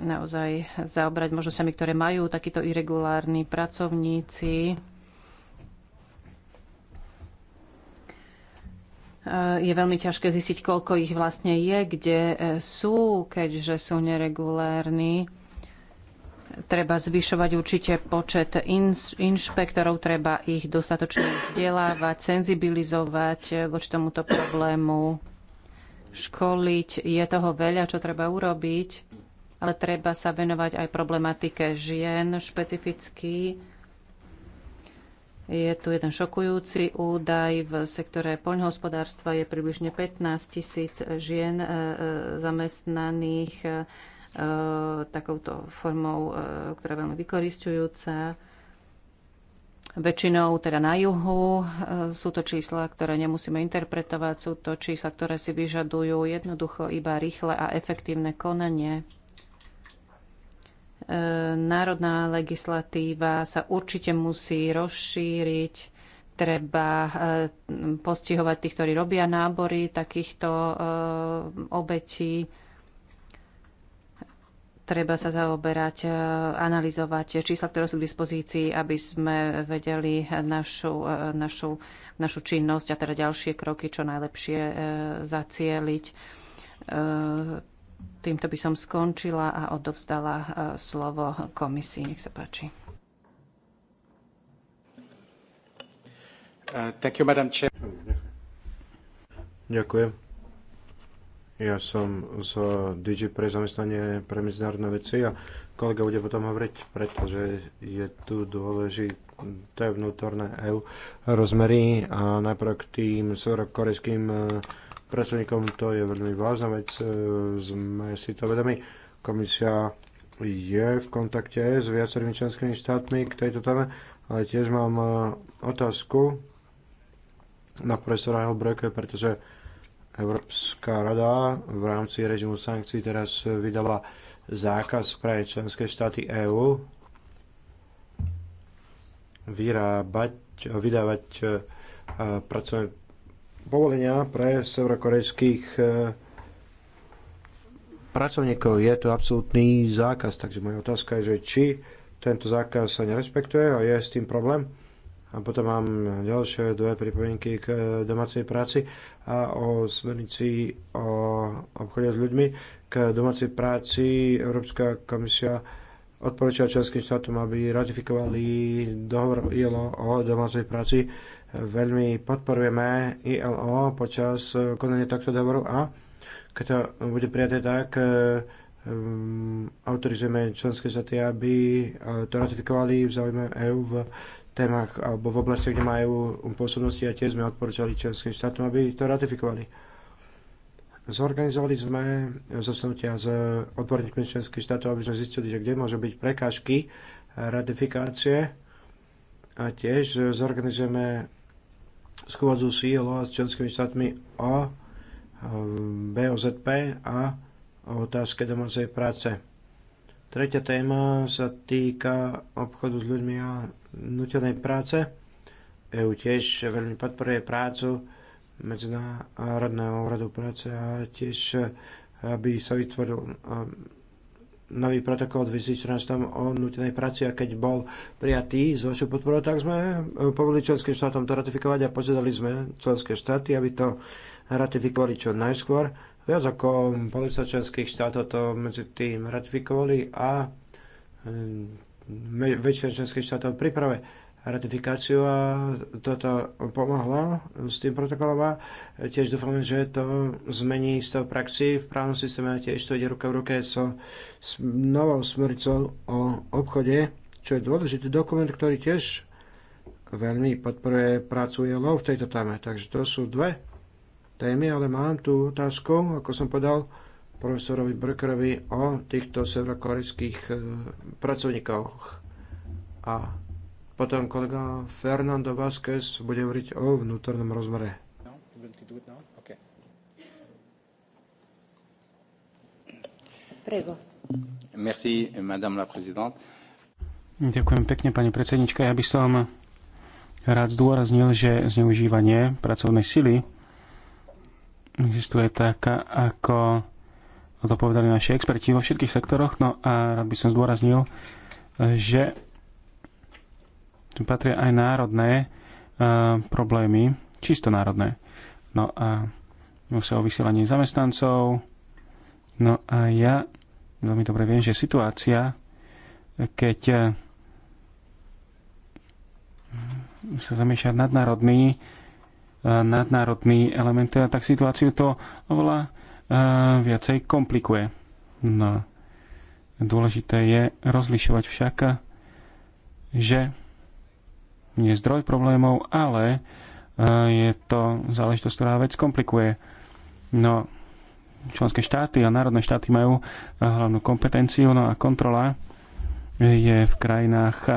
Speaker 2: naozaj zaobrať možnosťami, ktoré majú takíto irregulárni pracovníci. je veľmi ťažké zistiť, koľko ich vlastne je, kde sú, keďže sú neregulárni treba zvyšovať určite počet inšpektorov, treba ich dostatočne vzdelávať, senzibilizovať voči tomuto problému, školiť. Je toho veľa, čo treba urobiť, ale treba sa venovať aj problematike žien špecificky. Je tu jeden šokujúci údaj. V sektore poľnohospodárstva je približne 15 tisíc žien e, e, zamestnaných E, takouto formou, e, ktorá je veľmi vykoristujúca. Väčšinou teda na juhu e, sú to čísla, ktoré nemusíme interpretovať, sú to čísla, ktoré si vyžadujú jednoducho iba rýchle a efektívne konanie. Národná legislatíva sa určite musí rozšíriť, treba postihovať tých, ktorí robia nábory takýchto obetí treba sa zaoberať, e, analyzovať čísla, ktoré sú k dispozícii, aby sme vedeli našu, e, našu, našu činnosť a teda ďalšie kroky čo najlepšie e, zacieliť. Týmto by som skončila a odovzdala slovo komisii. Nech sa páči.
Speaker 1: Uh, you,
Speaker 3: Ďakujem. Ja som z DG pre zamestnanie pre medzinárodné veci a kolega bude potom hovoriť, pretože je tu dôležité vnútorné EU rozmery a najprv k tým severokorejským eh, pracovníkom to je veľmi vážna vec, eh, sme si to vedomi. Komisia je v kontakte s viacerými členskými štátmi k tejto téme, ale tiež mám eh, otázku na profesora Helbreke, pretože Európska rada v rámci režimu sankcií teraz vydala zákaz pre členské štáty EÚ vyrábať, vydávať e, pracovné povolenia pre severokorejských e, pracovníkov. Je to absolútny zákaz, takže moja otázka je, že či tento zákaz sa nerespektuje a je s tým problém. A potom mám ďalšie dve pripomienky k e, domácej práci a o smernici o obchode s ľuďmi. K domácej práci Európska komisia odporúča členským štátom, aby ratifikovali dohovor ILO o domácej práci. Veľmi podporujeme ILO počas e, konania takto dohovoru a keď to bude prijaté tak, e, autorizujeme členské štáty, aby to ratifikovali v záujme EÚ v témach alebo v oblasti, kde majú um, pôsobnosti a tiež sme odporúčali členským štátom, aby to ratifikovali. Zorganizovali sme zasnutia s odborníkmi členských štátov, aby sme zistili, že kde môžu byť prekážky ratifikácie a tiež zorganizujeme schôdzu CLO a s členskými štátmi o BOZP a o otázke domácej práce. Tretia téma sa týka obchodu s ľuďmi a nutenej práce. EU tiež veľmi podporuje prácu Medzinárodného úradu práce a tiež aby sa vytvoril e, nový protokol v 2014 o nutenej práci a keď bol prijatý z vašou podporou, tak sme povolili členským štátom to ratifikovať a požiadali sme členské štáty, aby to ratifikovali čo najskôr. Viac ako polovica členských štátov to medzi tým ratifikovali a väčšina členských štátov priprave ratifikáciu a toto pomohlo s tým protokolom a tiež dúfam, že to zmení stav praxi v právnom systéme a tiež to ide ruka v ruke so s novou smrcou o obchode, čo je dôležitý dokument, ktorý tiež veľmi podporuje prácu ILO v tejto téme. Takže to sú dve témy, ale mám tú otázku, ako som povedal, profesorovi Brkerovi o týchto severokorejských e, pracovníkoch. A potom kolega Fernando Vázquez bude hovoriť o vnútornom rozmere.
Speaker 2: Merci, madame la présidente.
Speaker 1: Ďakujem pekne, pani predsednička. Ja by som rád zdôraznil, že zneužívanie pracovnej sily existuje tak ako No to povedali naši experti vo všetkých sektoroch. No a rád by som zdôraznil, že tu patria aj národné e, problémy, čisto národné. No a sa o vysielaní zamestnancov. No a ja veľmi dobre viem, že situácia, keď e, sa zamieša nadnárodný, e, nadnárodný element, tak situáciu to oveľa viacej komplikuje. No, dôležité je rozlišovať však, že je zdroj problémov, ale e, je to záležitosť, ktorá vec komplikuje. No, členské štáty a národné štáty majú e, hlavnú kompetenciu, no a kontrola je v krajinách e,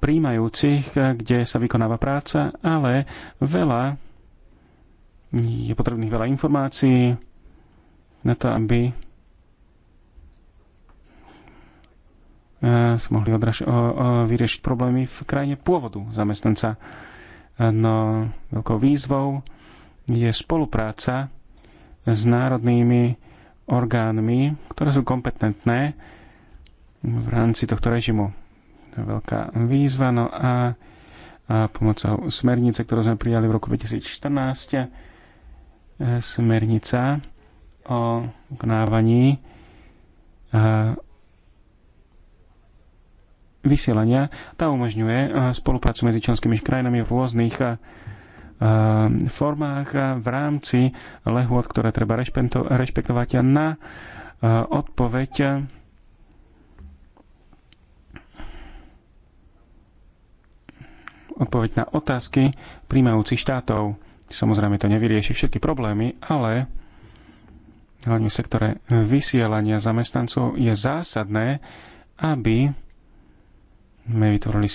Speaker 1: príjmajúcich, kde sa vykonáva práca, ale veľa je potrebných veľa informácií, na to, aby e, sa mohli odraž- o, o, vyriešiť problémy v krajine pôvodu zamestnanca. No, veľkou výzvou je spolupráca s národnými orgánmi, ktoré sú kompetentné v rámci tohto režimu. To je veľká výzva. No a, a pomocou smernice, ktorú sme prijali v roku 2014, e, smernica o konávaní e, vysielania. Tá umožňuje e, spoluprácu medzi členskými krajinami v rôznych e, formách v rámci lehôd, ktoré treba rešpektovať na odpoveď odpoveď na otázky príjmajúcich štátov. Samozrejme to nevyrieši všetky problémy, ale hlavne v sektore vysielania zamestnancov, je zásadné, aby sme vytvorili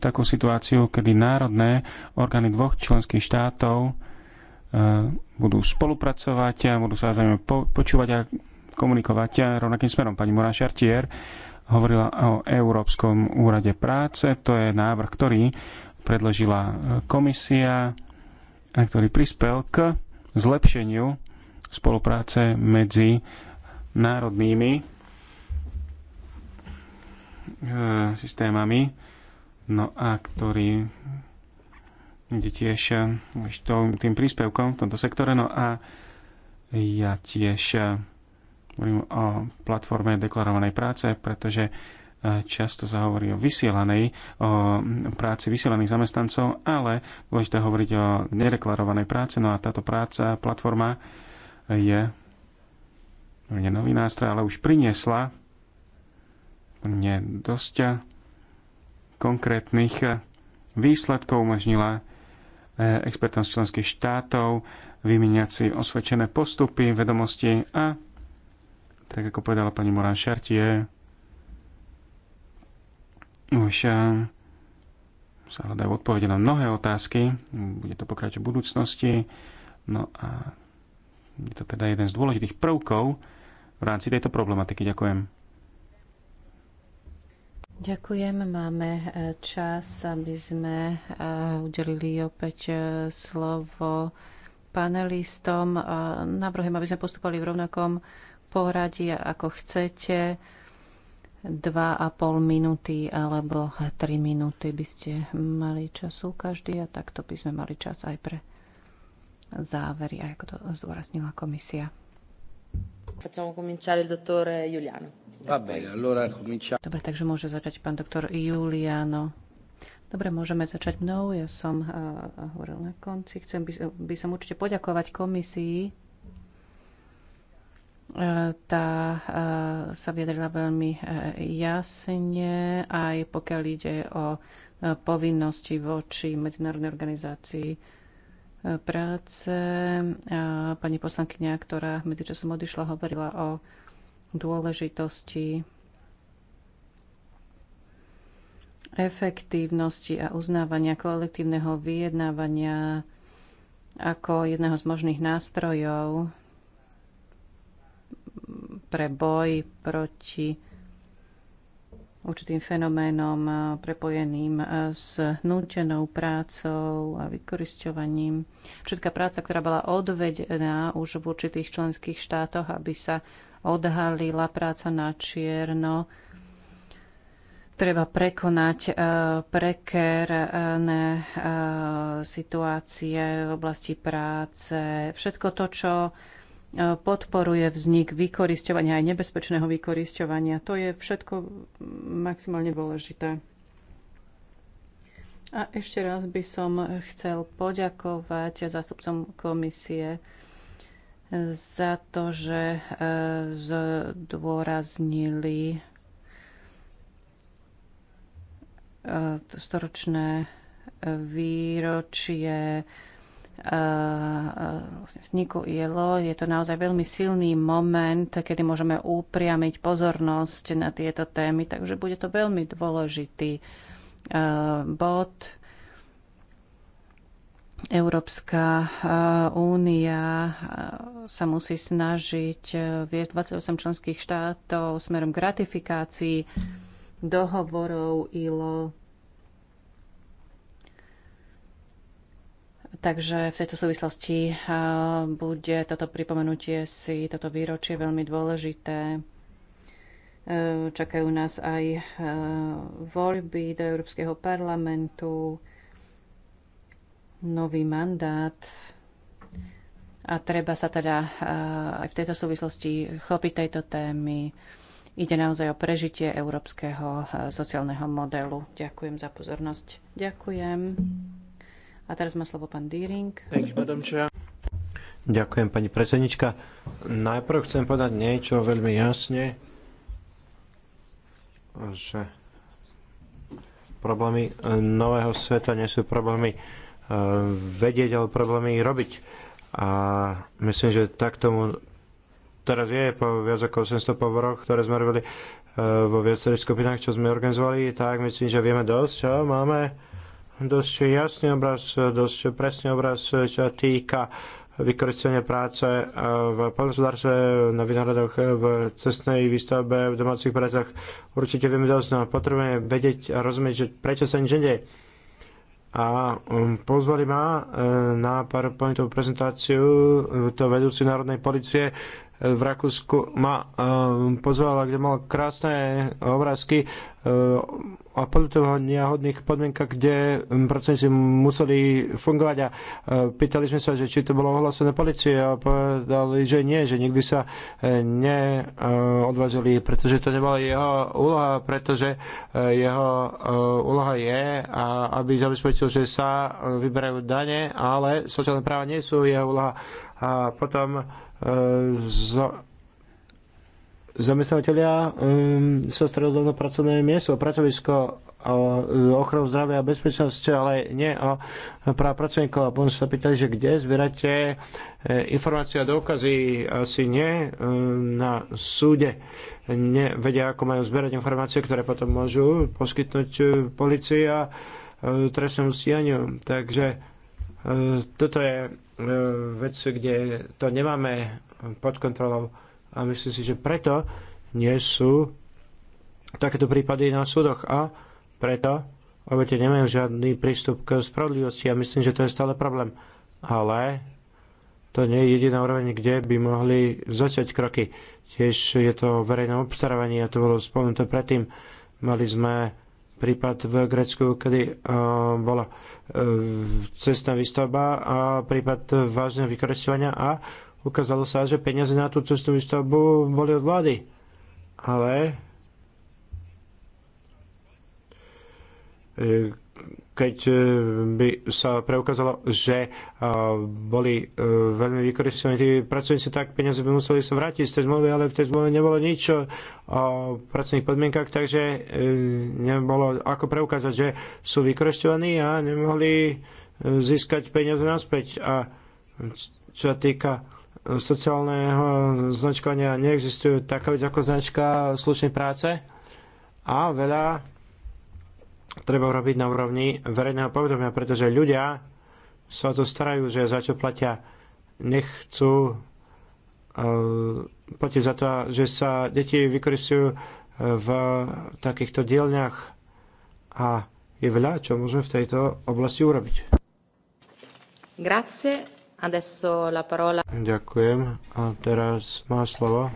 Speaker 1: takú situáciu, kedy národné orgány dvoch členských štátov e, budú spolupracovať a budú sa zájme po- počúvať a komunikovať a rovnakým smerom. Pani Mora Šartier hovorila o Európskom úrade práce. To je návrh, ktorý predložila e, komisia a ktorý prispel k zlepšeniu spolupráce medzi národnými eh, systémami, no a ktorý ide tiež eh, tým príspevkom v tomto sektore. No a ja tiež eh, hovorím o platforme deklarovanej práce, pretože často sa hovorí o vysielanej, o mm, práci vysielaných zamestnancov, ale dôležité hovoriť o nedeklarovanej práce. No a táto práca, platforma je nie nový nástroj, ale už priniesla mne dosť konkrétnych výsledkov, umožnila e, expertom z členských štátov vymeniať si osvedčené postupy, vedomosti a tak ako povedala pani Morán Šartie, už e, sa hľadajú odpovede na mnohé otázky, bude to pokračovať v budúcnosti, no a je to teda jeden z dôležitých prvkov v rámci tejto problematiky. Ďakujem.
Speaker 2: Ďakujem. Máme eh, čas, aby sme eh, udelili opäť eh, slovo panelistom. Navrhujem, aby sme postupovali v rovnakom poradí, ako chcete. 2,5 minúty alebo 3 minúty by ste mali času každý a takto by sme mali čas aj pre závery, ako to zdôraznila komisia. Dobre, takže môže začať pán doktor Juliano. Dobre, môžeme začať mnou. Ja som uh, hovoril na konci. Chcem by, by som určite poďakovať komisii. Eh, tá eh, sa vyjadrila veľmi jasne, aj pokiaľ ide o povinnosti voči medzinárodnej organizácii práce. A pani poslankyňa, ktorá medzičasom odišla, hovorila o dôležitosti efektívnosti a uznávania kolektívneho vyjednávania ako jedného z možných nástrojov pre boj proti určitým fenoménom eh, prepojeným eh, s nútenou prácou a vykoristovaním. Všetká práca, ktorá bola odvedená už v určitých členských štátoch, aby sa odhalila práca na čierno, treba prekonať eh, prekerné situácie v oblasti práce. Všetko to, čo podporuje vznik vykorisťovania aj nebezpečného vykorisťovania. To je všetko maximálne dôležité. A ešte raz by som chcel poďakovať zástupcom komisie za to, že e, zdôraznili e, storočné výročie Eh, vlastne vzniku ILO. Je to naozaj veľmi silný moment, kedy môžeme upriamiť pozornosť na tieto témy, takže bude to veľmi dôležitý eh, bod. Európska eh, únia sa musí snažiť viesť 28 členských štátov smerom k ratifikácii dohovorov ILO Takže v tejto súvislosti bude toto pripomenutie si, toto výročie veľmi dôležité. E, čakajú nás aj e, voľby do Európskeho parlamentu, nový mandát a treba sa teda aj v tejto súvislosti chopiť tejto témy. Ide naozaj o prežitie európskeho sociálneho modelu. Ďakujem za pozornosť. Ďakujem. A teraz má slovo pán Dýring.
Speaker 3: Ďakujem, pani predsednička. Najprv chcem povedať niečo veľmi jasne, že problémy eh, nového sveta nie sú problémy eh, vedieť, ale problémy robiť. A myslím, že tak tomu teraz je po viac ako 800 povoroch, ktoré sme robili eh, vo viacerých skupinách, čo sme organizovali, tak myslím, že vieme dosť čo máme dosť jasný obraz, dosť presný obraz, čo týka vykoristovanie práce eh, v poľnospodárstve, na vinohradoch, v cestnej výstavbe, v domácich prácach. Určite vieme dosť, no potrebujeme vedieť a rozumieť, že prečo sa nič nedieje. A um, pozvali ma eh, na pointovú prezentáciu eh, to vedúci Národnej policie v Rakúsku ma ehm, pozvala, kde mal krásne obrázky ehm, a politovania hodných podmienkach, kde ehm, pracovníci museli fungovať a pýtali sme sa, že či to bolo ohlásené policie a povedali, že nie, že nikdy sa neodvážili, pretože to nebola jeho úloha, pretože jeho úloha je, aby zabezpečil, že sa vyberajú dane, ale sociálne práva nie sú jeho úloha. A potom za, zamestnávateľia um, sa stredol na pracovné miesto, pracovisko o e, ochranu zdravia a bezpečnosť, ale nie o práv pracovníkov. A potom sa pýtali, že kde zbierate e, informácie a dôkazy, asi nie um, na súde. Nevedia, ako majú zbierať informácie, ktoré potom môžu poskytnúť e, policii a trestnému stíhaniu. Takže E, toto je e, vec, kde to nemáme pod kontrolou a myslím si, že preto nie sú takéto prípady na súdoch a preto obete nemajú žiadny prístup k spravodlivosti a myslím, že to je stále problém. Ale to nie je jediná úroveň, kde by mohli začať kroky. Tiež je to verejné obstarávanie, a to bolo spomenuté predtým. Mali sme prípad v Grécku, kedy e, bola e, cestná výstavba a prípad vážneho vykorestovania a ukázalo sa, že peniaze na tú cestnú výstavbu boli od vlády. Ale e, keď e, by sa preukázalo, že e, boli e, veľmi vykoristovaní, tí pracovníci, tak peniaze by museli sa vrátiť z tej zmluvy, ale v tej zmluve nebolo nič o pracovných podmienkach, takže nebolo ako preukázať, že sú vykoristovaní a nemohli získať peniaze naspäť. A čo sa týka sociálneho značkovania, neexistuje taká vec ako značka slušnej práce a veľa treba urobiť na úrovni verejného povedomia, pretože ľudia sa o to starajú, že za čo platia. Nechcú e, platiť za to, že sa deti vykoristujú e, v takýchto dielňach a je veľa, čo môžeme v tejto oblasti urobiť.
Speaker 2: Grazie. Adesso la parola.
Speaker 3: Ďakujem. A teraz má slovo.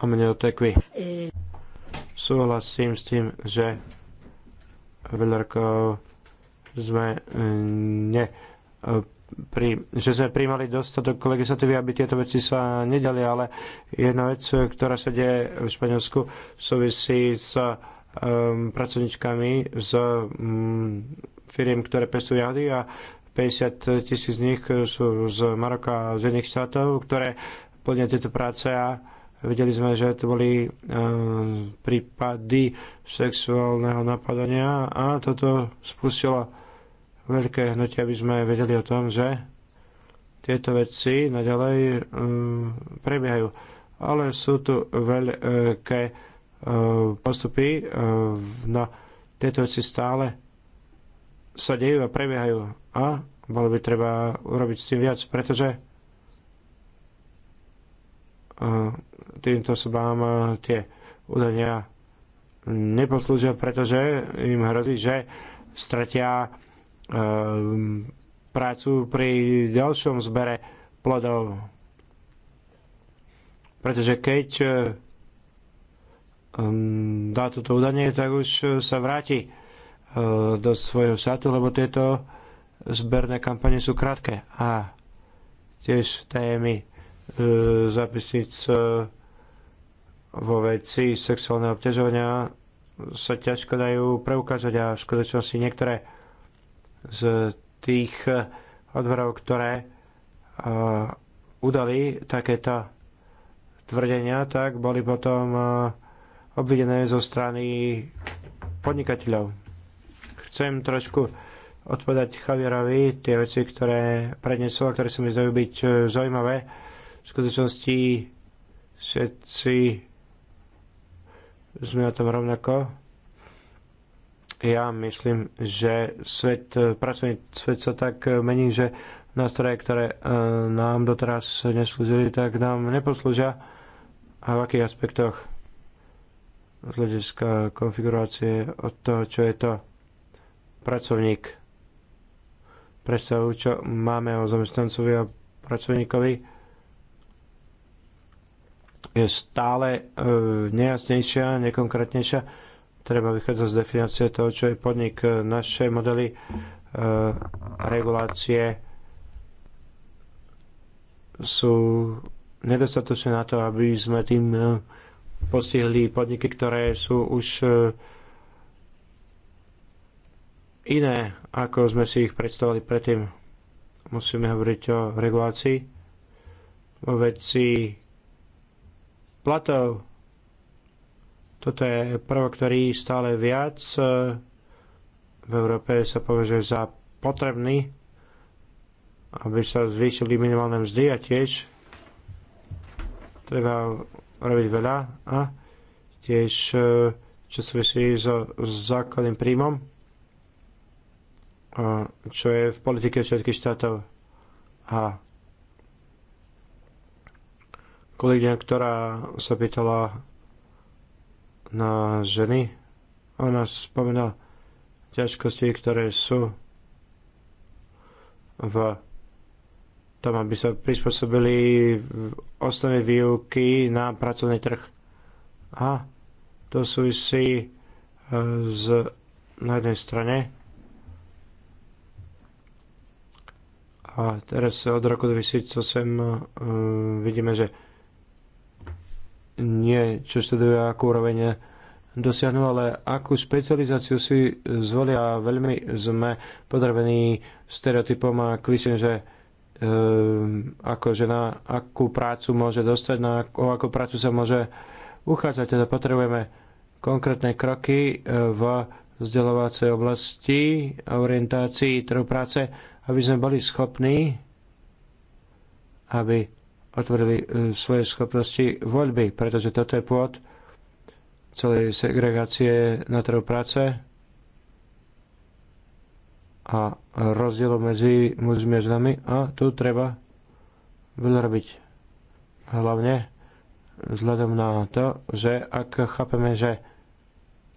Speaker 3: A mne to otekvi. E súhlasím s tým, že veľkou sme e, ne, e, pri, že sme príjmali dostatok legislatívy, aby tieto veci sa nedali, ale jedna vec, ktorá sa deje v Španielsku, súvisí s um, e, pracovničkami z um, firiem, ktoré pestujú jahody a 50 tisíc z nich sú z Maroka a z iných štátov, ktoré plnia tieto práce a Videli sme, že to boli eh, prípady sexuálneho napadania a toto spustilo veľké hnutie, aby sme vedeli o tom, že tieto veci naďalej mm, prebiehajú. Ale sú tu veľké eh, postupy eh, na tieto veci stále sa dejú a prebiehajú. A bolo by treba urobiť s tým viac, pretože týmto osobám e, tie údania neposlúžia, pretože im hrozí, že stratia e, prácu pri ďalšom zbere plodov. Pretože keď e, dá toto údanie, tak už sa vráti do svojho štátu, lebo tieto zberné kampane sú krátke. A tiež témy E, zápisníc vo veci sexuálneho obťažovania sa ťažko dajú preukázať a v skutočnosti niektoré z tých odberov, ktoré e, udali takéto tvrdenia, tak boli potom e, obvidené zo strany podnikateľov. Chcem trošku odpovedať Javierovi tie veci, ktoré prednesol, ktoré sa mi zdajú byť zaujímavé v skutočnosti všetci sme na tom rovnako. Ja myslím, že svet, pracovný svet sa tak mení, že nástroje, ktoré e, nám doteraz neslúžili, tak nám neposlúžia. A v akých aspektoch? Z hľadiska konfigurácie od toho, čo je to pracovník. Predstavu, čo máme o zamestnancovi a pracovníkovi je stále e, nejasnejšia, nekonkrétnejšia. Treba vychádzať z definície toho, čo je podnik. Naše modely e, regulácie sú nedostatočné na to, aby sme tým e, postihli podniky, ktoré sú už iné, ako sme si ich predstavovali predtým. Musíme hovoriť o regulácii, o veci platov. Toto je prvok, ktorý stále viac e, v Európe sa považuje za potrebný, aby sa zvýšili minimálne mzdy a tiež treba robiť veľa a tiež e, čo súvisí so základným príjmom, čo je v politike všetkých štátov. A kolegyňa, ktorá sa pýtala na ženy. Ona spomenula ťažkosti, ktoré sú v tom, aby sa prispôsobili v osnove výuky na pracovný trh. A to súvisí e, z, na jednej strane a teraz od roku 2008 e, vidíme, že nie čo študujú, akú úroveň dosiahnu, ale akú špecializáciu si zvolia. Veľmi sme podrobení stereotypom a klišem, že um, ako žena, akú prácu môže dostať, na, o akú prácu sa môže uchádzať. Teda potrebujeme konkrétne kroky e, v vzdelávacej oblasti a orientácii trhu práce, aby sme boli schopní, aby otvorili e, svoje schopnosti voľby, pretože toto je pôd celej segregácie na trhu práce a rozdielu medzi mužmi a ženami a tu treba veľa robiť. Hlavne vzhľadom na to, že ak chápeme, že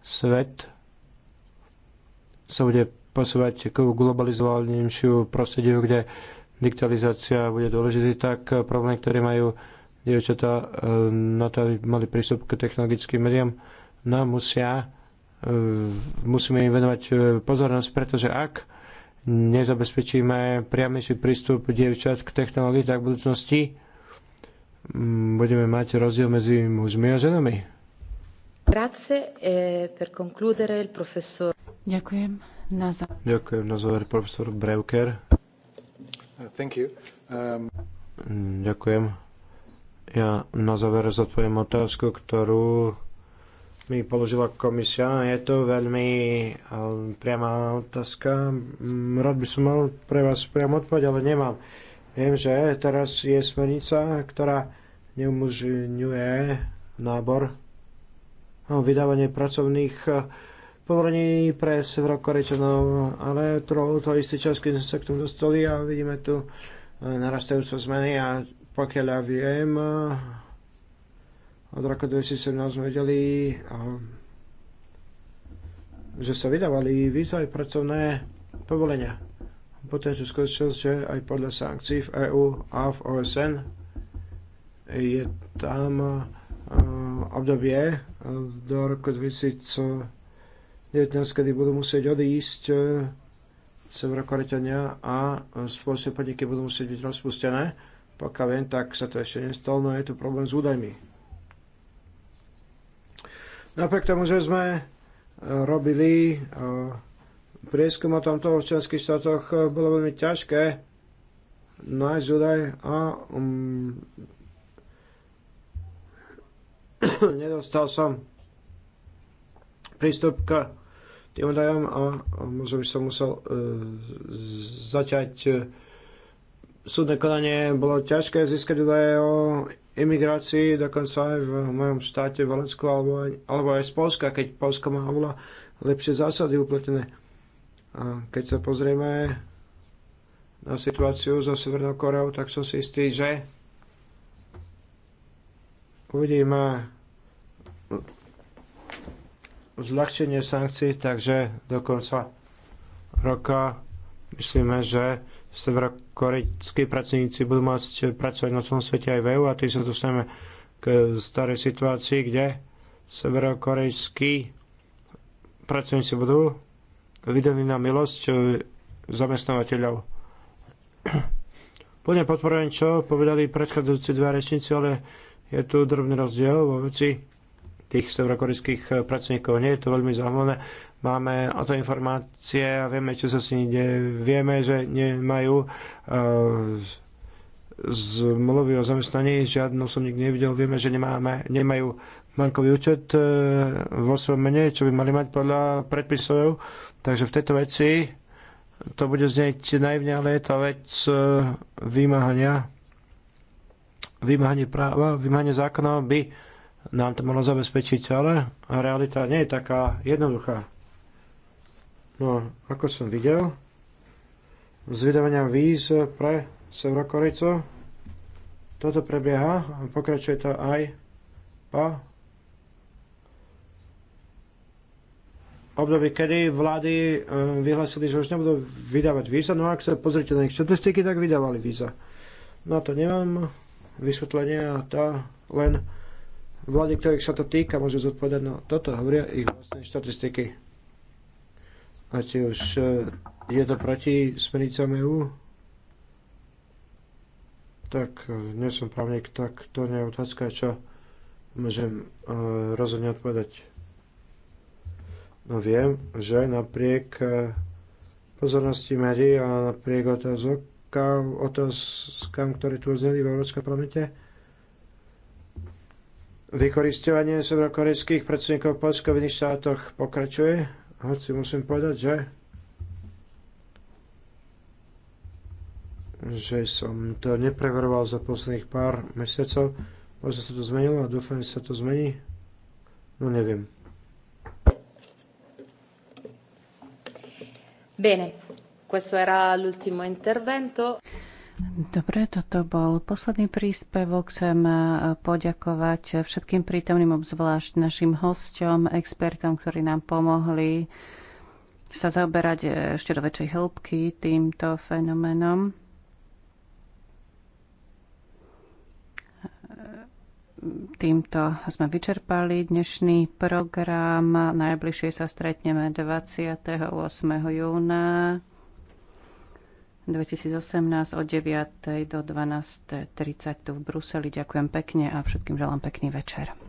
Speaker 3: svet sa bude posúvať k globalizovanejšiu prostrediu, kde digitalizácia bude dôležitý, tak problémy, ktoré majú dievčatá e, na to, aby mali prístup k technologickým médiám, no musia, e, musíme im venovať e, pozornosť, pretože ak nezabezpečíme priamejší prístup dievčat k technológii, tak v budúcnosti mm, budeme mať rozdiel medzi mužmi a ženami.
Speaker 2: Ďakujem. Na záver.
Speaker 3: Ďakujem na záver profesor Breuker. Uh, um, Ďakujem. Ja na záver zodpoviem otázku, ktorú mi položila komisia. Je to veľmi um, priama otázka. Mm, rád by som mal pre vás priamo odpoveď, ale nemám. Viem, že teraz je smernica, ktorá neumožňuje nábor no, vydávanie pracovných povolení pre Severokorečanov, ale trochu to istý čas, keď sme sa k tomu dostali a vidíme tu e, narastajúce zmeny a pokiaľ ja viem, od roku 2017 sme vedeli, že sa vydávali víza aj pracovné povolenia. Potom sú skutočnosť, že aj podľa sankcií v EU a v OSN je tam e, obdobie e, do roku 2017 je dnes, kedy budú musieť odísť e, severokorečania a e, spoločné podniky budú musieť byť rozpustené. Pokiaľ viem, tak sa to ešte nestalo, no je tu problém s údajmi. Napriek tomu, že sme e, robili prieskum o tomto v členských štátoch, bolo veľmi ťažké nájsť údaj a um, [coughs] nedostal som prístup k tým údajom a možno by som musel e, začať e, súdne konanie. Bolo ťažké získať údaje o imigrácii, dokonca aj v mojom štáte v Valensku alebo, alebo aj z Polska, keď Polsko má oveľa lepšie zásady upletené. A keď sa pozrieme na situáciu so Severnou Koreou, tak som si istý, že uvidíme zľahčenie sankcií, takže do konca roka myslíme, že severokorejskí pracovníci budú môcť pracovať na celom svete aj v EU a tým sa dostaneme k starej situácii, kde severokorejskí pracovníci budú vydaní na milosť zamestnávateľov. Plne podporujem, čo povedali predchádzajúci dva rečníci, ale je tu drobný rozdiel vo veci tých severokorejských eh, pracovníkov. Nie je to veľmi zaujímavé. Máme o to informácie a vieme, čo sa s nimi deje. Vieme, že nemajú uh, eh, mluvy o zamestnaní, žiadnu som nikdy nevidel. Vieme, že nemáme, nemajú bankový účet eh, vo svojom mene, čo by mali mať podľa predpisov. Takže v tejto veci to bude znieť naivne, ale je to vec vymáhania vymáhanie práva, vymáhanie zákona by nám to mohlo zabezpečiť, ale realita nie je taká jednoduchá. No, ako som videl, z vydávania víz pre Severokorejcov toto prebieha a pokračuje to aj po období, kedy vlády e, vyhlásili, že už nebudú vydávať víza, no ak sa pozrite na ich štatistiky, tak vydávali víza. Na to nemám vysvetlenie a to len vlády, ktorých sa to týka, môže zodpovedať, no toto hovoria ich vlastné štatistiky. A či už e, je to proti smernicám EU, tak e, nie som právnik, tak to nie je otázka, čo môžem e, rozhodne odpovedať. No viem, že napriek pozornosti médií a napriek otázok, otázkam, ktoré tu vzneli v Európskej parlamente, Vykoristovanie severokorejských pracovníkov v poľskovinných štátoch pokračuje, hoci musím povedať, že že som to nepreveroval za posledných pár mesiacov. Možno sa to zmenilo a dúfam, že sa to zmení. No neviem.
Speaker 2: Bene, questo era l'ultimo intervento. Dobre, toto bol posledný príspevok. Chcem e, poďakovať všetkým prítomným, obzvlášť našim hosťom, expertom, ktorí nám pomohli sa zaoberať e, ešte do väčšej hĺbky týmto fenoménom. Týmto sme vyčerpali dnešný program. Najbližšie sa stretneme 28. júna. 2018 od 9. do 12.30 tu v Bruseli. Ďakujem pekne a všetkým želám pekný večer.